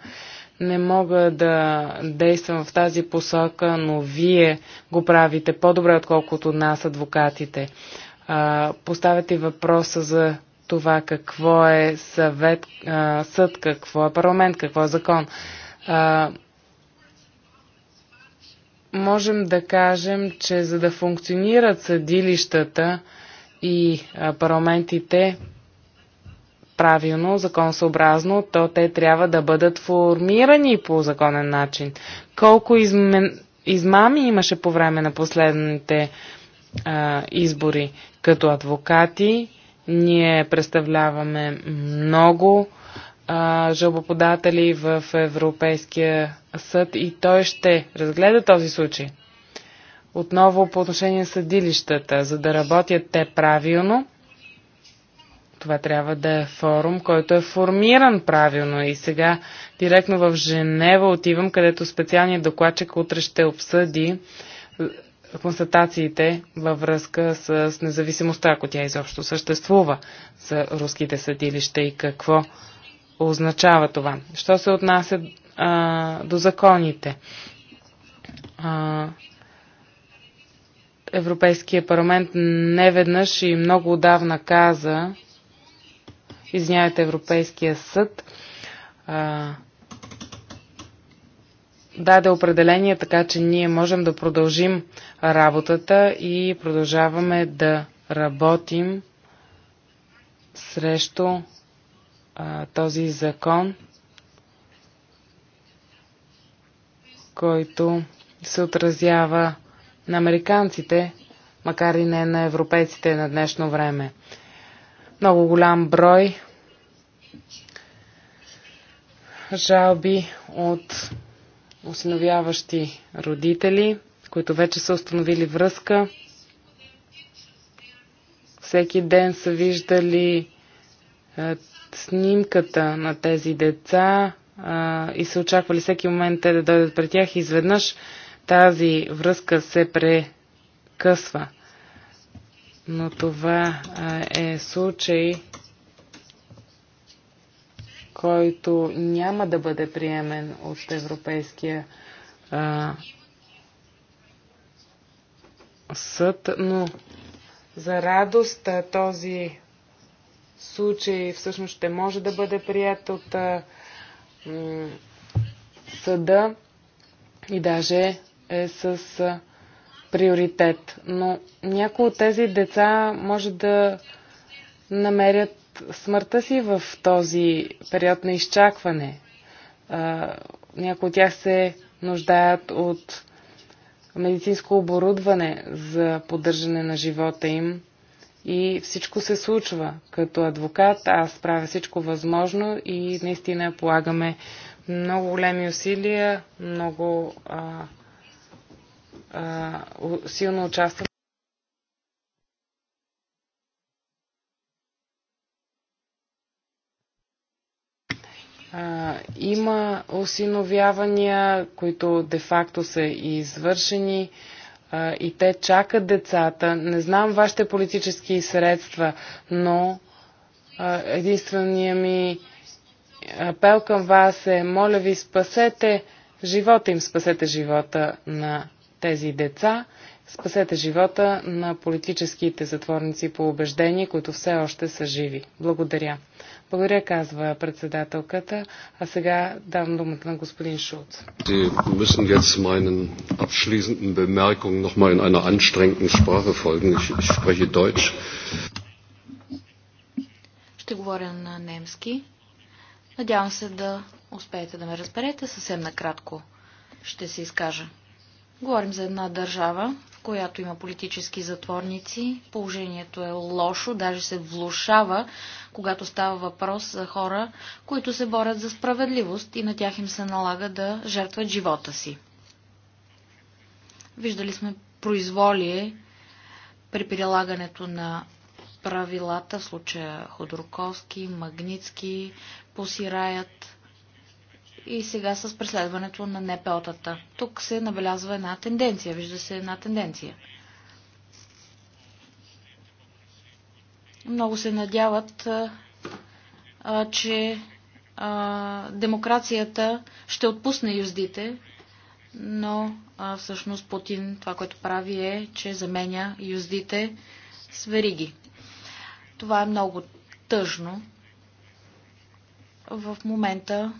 Не мога да действам в тази посока, но вие го правите по-добре, отколкото нас, адвокатите. А, поставяте въпроса за това какво е съвет, съд, какво е парламент, какво е закон. можем да кажем, че за да функционират съдилищата и парламентите правилно, законосъобразно, то те трябва да бъдат формирани по законен начин. Колко измен... измами имаше по време на последните а, избори като адвокати, ние представляваме много а, жалбоподатели в Европейския съд и той ще разгледа този случай. Отново по отношение на съдилищата, за да работят те правилно, това трябва да е форум, който е формиран правилно. И сега директно в Женева отивам, където специалният докладчик утре ще обсъди констатациите във връзка с независимостта, ако тя изобщо съществува за руските съдилища и какво означава това. Що се отнася а, до законите? А, Европейския парламент неведнъж и много отдавна каза, извинявайте, Европейския съд, а, даде определение, така че ние можем да продължим работата и продължаваме да работим срещу а, този закон, който се отразява на американците, макар и не на европейците на днешно време. Много голям брой жалби от осиновяващи родители, които вече са установили връзка. Всеки ден са виждали е, снимката на тези деца е, и са очаквали всеки момент те да дойдат при тях. Изведнъж тази връзка се прекъсва. Но това е, е случай, който няма да бъде приемен от Европейския а, съд, но за радост този случай всъщност ще може да бъде прият от а, съда и даже е с а, приоритет. Но някои от тези деца може да намерят смъртта си в този период на изчакване. Някои от тях се нуждаят от медицинско оборудване за поддържане на живота им и всичко се случва. Като адвокат аз правя всичко възможно и наистина полагаме много големи усилия, много а, а, силно участвам. Има осиновявания, които де-факто са извършени а, и те чакат децата. Не знам вашите политически средства, но а, единственият ми апел към вас е, моля ви, спасете живота им, спасете живота на тези деца Спасете живота на политическите затворници по убеждение, които все още са живи. Благодаря. Благодаря, казва председателката. А сега давам думата на господин Шулц. Sie müssen jetzt meinen abschließenden Bemerkungen in einer anstrengenden Sprache folgen. Ich, ich spreche Deutsch. Ще говоря на немски. Надявам се да успеете да ме разберете. Съвсем накратко ще се изкажа. Говорим за една държава, която има политически затворници. Положението е лошо, даже се влушава, когато става въпрос за хора, които се борят за справедливост и на тях им се налага да жертват живота си. Виждали сме произволие при прилагането на правилата, в случая Ходорковски, Магницки, посираят и сега с преследването на НПО-тата. Тук се набелязва една тенденция, вижда се една тенденция. Много се надяват, а, че а, демокрацията ще отпусне юздите, но а, всъщност Путин това, което прави е, че заменя юздите с вериги. Това е много тъжно. В момента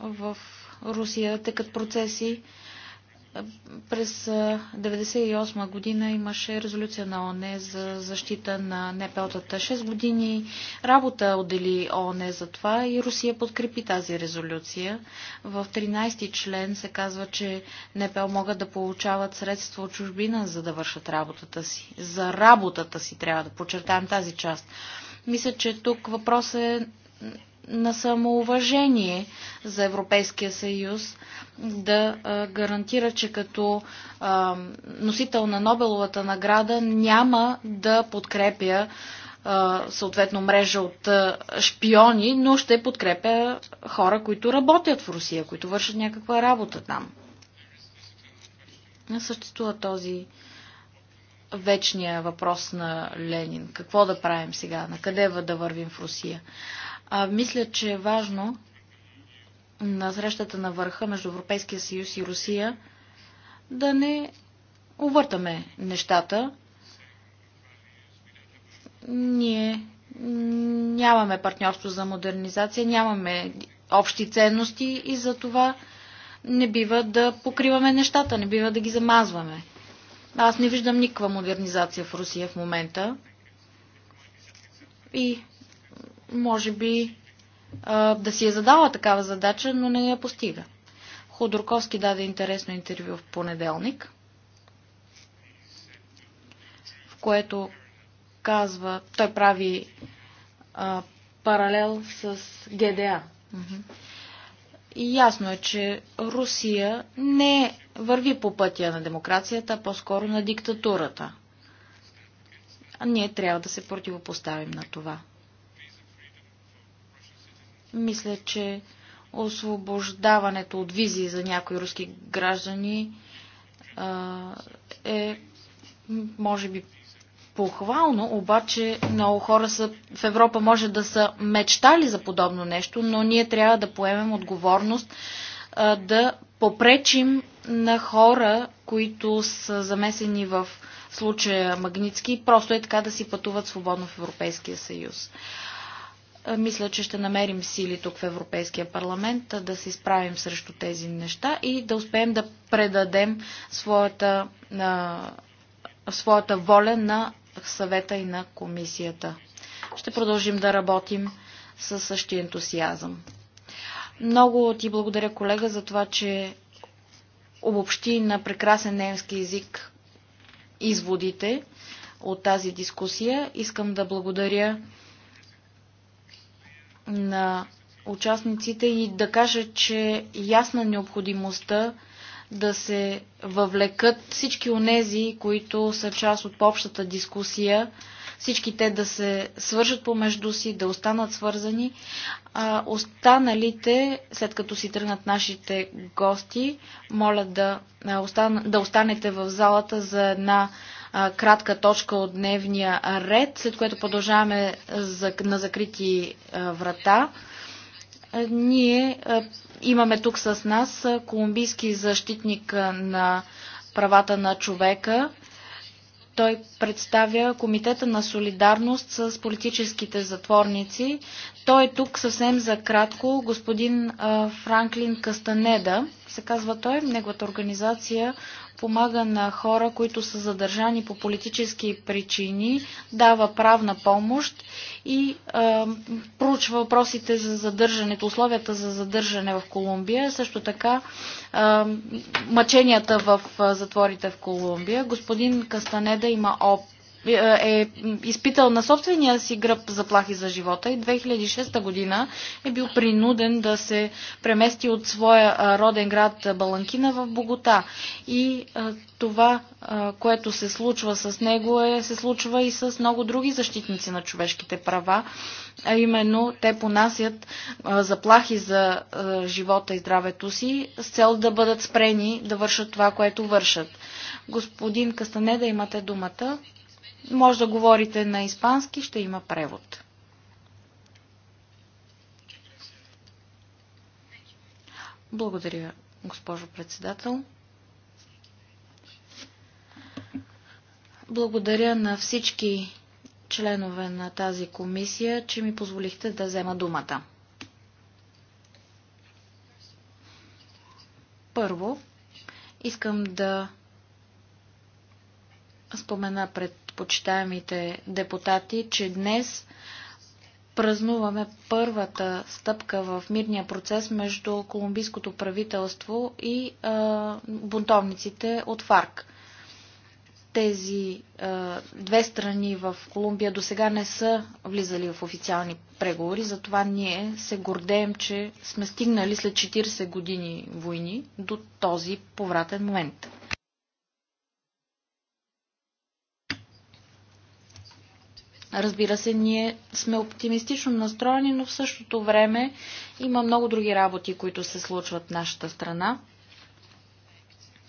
в Русия текат процеси. През 1998 година имаше резолюция на ОНЕ за защита на НПО-тата. 6 години работа отдели ОНЕ за това и Русия подкрепи тази резолюция. В 13-ти член се казва, че НПО могат да получават средства от чужбина, за да вършат работата си. За работата си трябва да подчертаем тази част. Мисля, че тук въпрос е на самоуважение за Европейския съюз да гарантира, че като носител на Нобеловата награда няма да подкрепя съответно мрежа от шпиони, но ще подкрепя хора, които работят в Русия, които вършат някаква работа там. Не съществува този вечния въпрос на Ленин. Какво да правим сега? На къде да вървим в Русия? А, мисля, че е важно на срещата на върха между Европейския съюз и Русия да не увъртаме нещата. Ние нямаме партньорство за модернизация, нямаме общи ценности и за това не бива да покриваме нещата, не бива да ги замазваме. Аз не виждам никаква модернизация в Русия в момента. И може би да си е задала такава задача, но не я постига. Ходорковски даде интересно интервю в понеделник, в което казва, той прави а, паралел с ГДА. И ясно е, че Русия не върви по пътя на демокрацията, а по-скоро на диктатурата. А ние трябва да се противопоставим на това. Мисля, че освобождаването от визи за някои руски граждани е, може би, похвално, обаче много хора са, в Европа може да са мечтали за подобно нещо, но ние трябва да поемем отговорност а, да попречим на хора, които са замесени в случая Магницки, просто е така да си пътуват свободно в Европейския съюз. Е, мисля, че ще намерим сили тук в Европейския парламент е, да се изправим срещу тези неща и да успеем да предадем своята, е, своята воля на съвета и на комисията. Ще продължим да работим със същия ентусиазъм. Много ти благодаря, колега, за това, че обобщи на прекрасен немски язик изводите от тази дискусия. Искам да благодаря на участниците и да кажа, че ясна необходимостта да се въвлекат всички онези, които са част от общата дискусия, всички те да се свържат помежду си, да останат свързани. А останалите, след като си тръгнат нашите гости, моля да, да останете в залата за една кратка точка от дневния ред, след което продължаваме на закрити врата. ние имаме тук с нас колумбийски защитник на правата на човека. Той представя Комитета на солидарност с политическите затворници. Той е тук съвсем за кратко. Господин Франклин Кастанеда, се казва той, неговата организация помага на хора, които са задържани по политически причини, дава правна помощ и а, проучва въпросите за задържането, условията за задържане в Колумбия, също така а, мъченията в затворите в Колумбия. Господин Кастанеда има опит е, е изпитал на собствения си гръб заплахи за живота и 2006 година е бил принуден да се премести от своя роден град Баланкина в Богота. И това, което се случва с него, е, се случва и с много други защитници на човешките права, а именно те понасят заплахи за живота и здравето си с цел да бъдат спрени да вършат това, което вършат. Господин Кастанеда, имате думата. Може да говорите на испански, ще има превод. Благодаря, госпожо председател. Благодаря на всички членове на тази комисия, че ми позволихте да взема думата. Първо, искам да спомена пред почитаемите депутати, че днес празнуваме първата стъпка в мирния процес между колумбийското правителство и а, бунтовниците от ФАРК. Тези а, две страни в Колумбия до сега не са влизали в официални преговори, затова ние се гордеем, че сме стигнали след 40 години войни до този повратен момент. Разбира се, ние сме оптимистично настроени, но в същото време има много други работи, които се случват в нашата страна,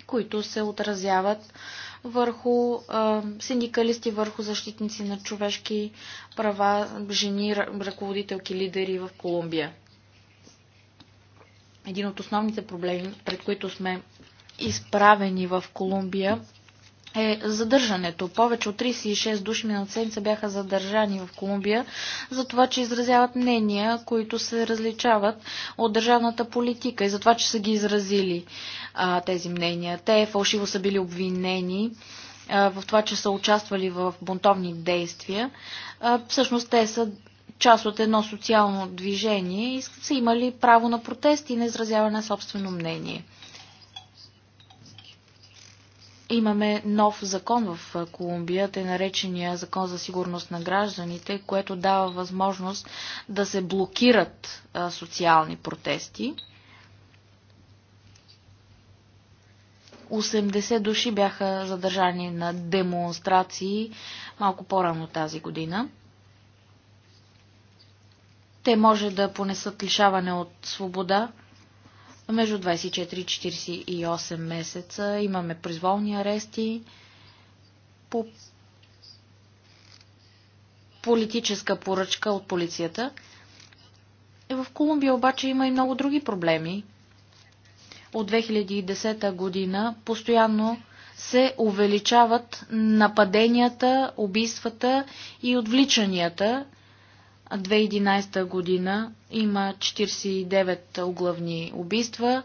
които се отразяват върху а, синдикалисти, върху защитници на човешки права, жени, ръководителки, лидери в Колумбия. Един от основните проблеми, пред които сме изправени в Колумбия, е задържането. Повече от 36 души миналата седмица бяха задържани в Колумбия за това, че изразяват мнения, които се различават от държавната политика и за това, че са ги изразили а, тези мнения. Те фалшиво са били обвинени а, в това, че са участвали в бунтовни действия. А, всъщност те са част от едно социално движение и са имали право на протест и на изразяване на собствено мнение. Имаме нов закон в Колумбия, те наречения закон за сигурност на гражданите, което дава възможност да се блокират социални протести. 80 души бяха задържани на демонстрации малко по-рано тази година. Те може да понесат лишаване от свобода между 24 и 48 месеца. Имаме произволни арести по политическа поръчка от полицията. Е, в Колумбия обаче има и много други проблеми. От 2010 година постоянно се увеличават нападенията, убийствата и отвличанията 2011 година има 49 оглавни убийства.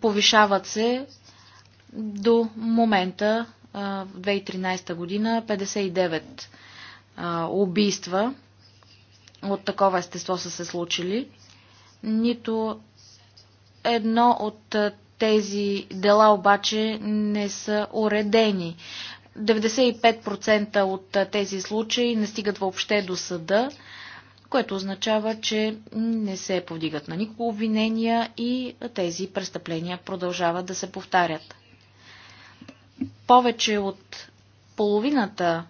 Повишават се до момента в 2013 година 59 убийства от такова естество са се случили. Нито едно от тези дела обаче не са уредени. 95% от тези случаи не стигат въобще до съда, което означава, че не се повдигат на никого обвинения и тези престъпления продължават да се повтарят. Повече от половината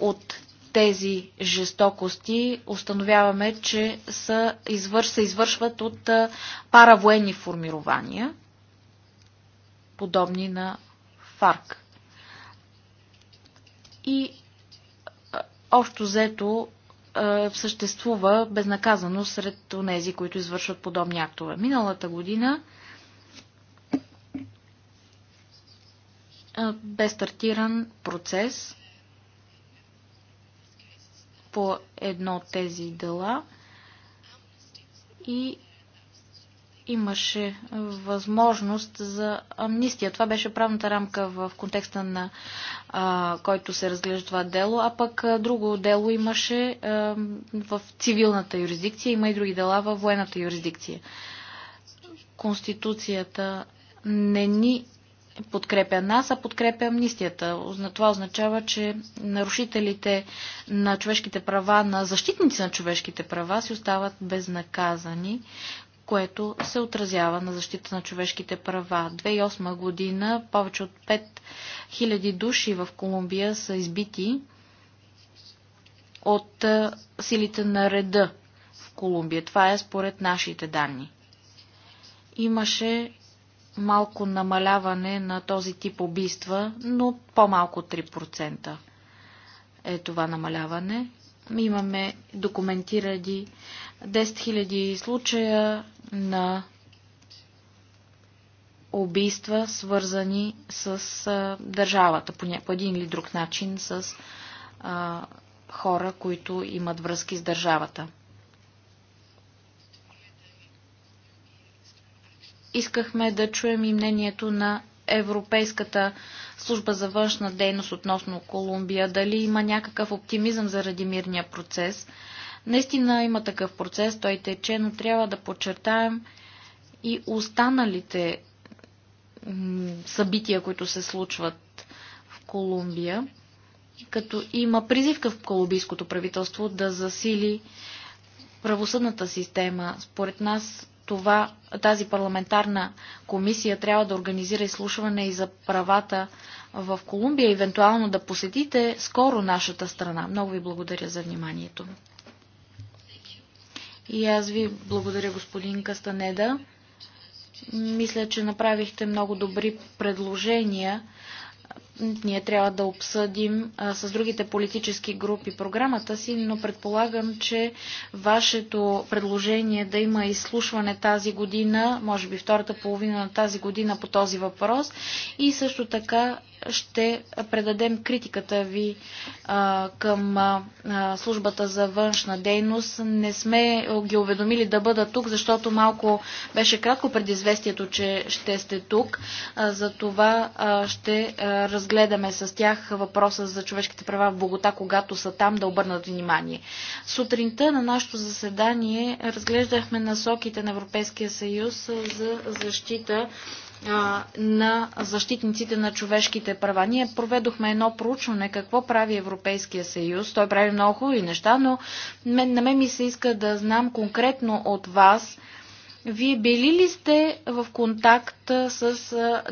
от тези жестокости установяваме, че са, извърш, се извършват от паравоенни формирования, подобни на ФАРК и общо взето съществува безнаказано сред тези, които извършват подобни актове. Миналата година бе стартиран процес по едно от тези дела и имаше възможност за амнистия. Това беше правната рамка в контекста на а, който се разглежда това дело, а пък а, друго дело имаше а, в цивилната юрисдикция, има и други дела в военната юрисдикция. Конституцията не ни подкрепя нас, а подкрепя амнистията. Това означава, че нарушителите на човешките права, на защитници на човешките права си остават безнаказани, което се отразява на защита на човешките права. 2008 година повече от 5000 души в Колумбия са избити от силите на реда в Колумбия. Това е според нашите данни. Имаше малко намаляване на този тип убийства, но по-малко 3% е това намаляване. Имаме документирани 10 000 случая, на убийства, свързани с а, държавата, по, по един или друг начин с а, хора, които имат връзки с държавата. Искахме да чуем и мнението на Европейската служба за външна дейност относно Колумбия. Дали има някакъв оптимизъм заради мирния процес? Наистина има такъв процес, той тече, но трябва да подчертаем и останалите събития, които се случват в Колумбия, като има призивка в колумбийското правителство да засили правосъдната система. Според нас това, тази парламентарна комисия трябва да организира изслушване и за правата в Колумбия, евентуално да посетите скоро нашата страна. Много ви благодаря за вниманието. И аз ви благодаря, господин Кастанеда. Мисля, че направихте много добри предложения. Ние трябва да обсъдим а, с другите политически групи програмата си, но предполагам, че вашето предложение да има изслушване тази година, може би втората половина на тази година по този въпрос и също така ще предадем критиката ви а, към а, службата за външна дейност. Не сме ги уведомили да бъда тук, защото малко беше кратко предизвестието, че ще сте тук. А, за това а, ще а, разгледаме с тях въпроса за човешките права в Богота, когато са там, да обърнат внимание. Сутринта на нашето заседание разглеждахме насоките на Европейския съюз за защита на защитниците на човешките права. Ние проведохме едно проучване какво прави Европейския съюз. Той прави много хубави неща, но на мен ми се иска да знам конкретно от вас. Вие били ли сте в контакт с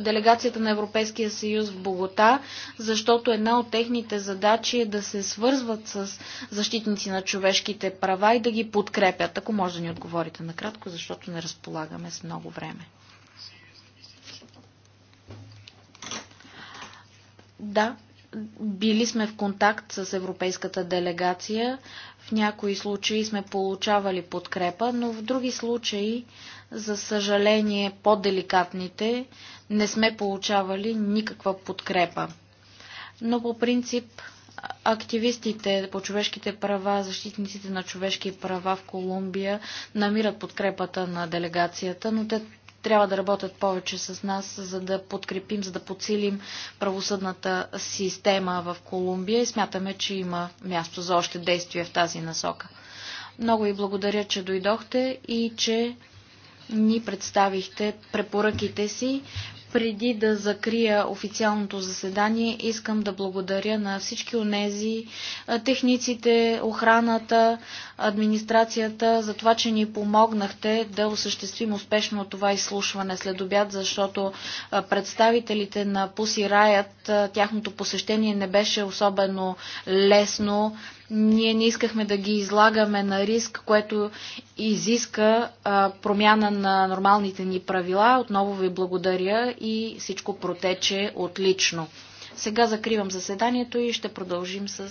делегацията на Европейския съюз в Богота, защото една от техните задачи е да се свързват с защитници на човешките права и да ги подкрепят? Ако може да ни отговорите накратко, защото не разполагаме с много време. Да, били сме в контакт с европейската делегация. В някои случаи сме получавали подкрепа, но в други случаи, за съжаление, по-деликатните, не сме получавали никаква подкрепа. Но по принцип активистите по човешките права, защитниците на човешки права в Колумбия намират подкрепата на делегацията, но те трябва да работят повече с нас, за да подкрепим, за да подсилим правосъдната система в Колумбия и смятаме, че има място за още действие в тази насока. Много ви благодаря, че дойдохте и че ни представихте препоръките си. Преди да закрия официалното заседание, искам да благодаря на всички онези, техниците, охраната, администрацията, за това, че ни помогнахте да осъществим успешно това изслушване след обяд, защото представителите на Пуси Раят, тяхното посещение не беше особено лесно ние не искахме да ги излагаме на риск, което изиска а, промяна на нормалните ни правила. Отново ви благодаря и всичко протече отлично. Сега закривам заседанието и ще продължим с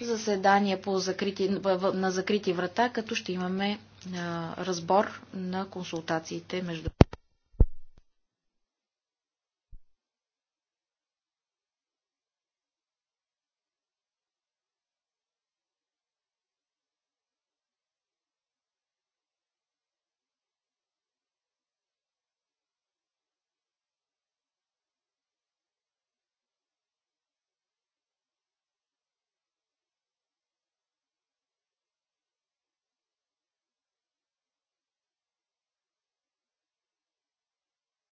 заседание по закрити, на закрити врата, като ще имаме а, разбор на консултациите между.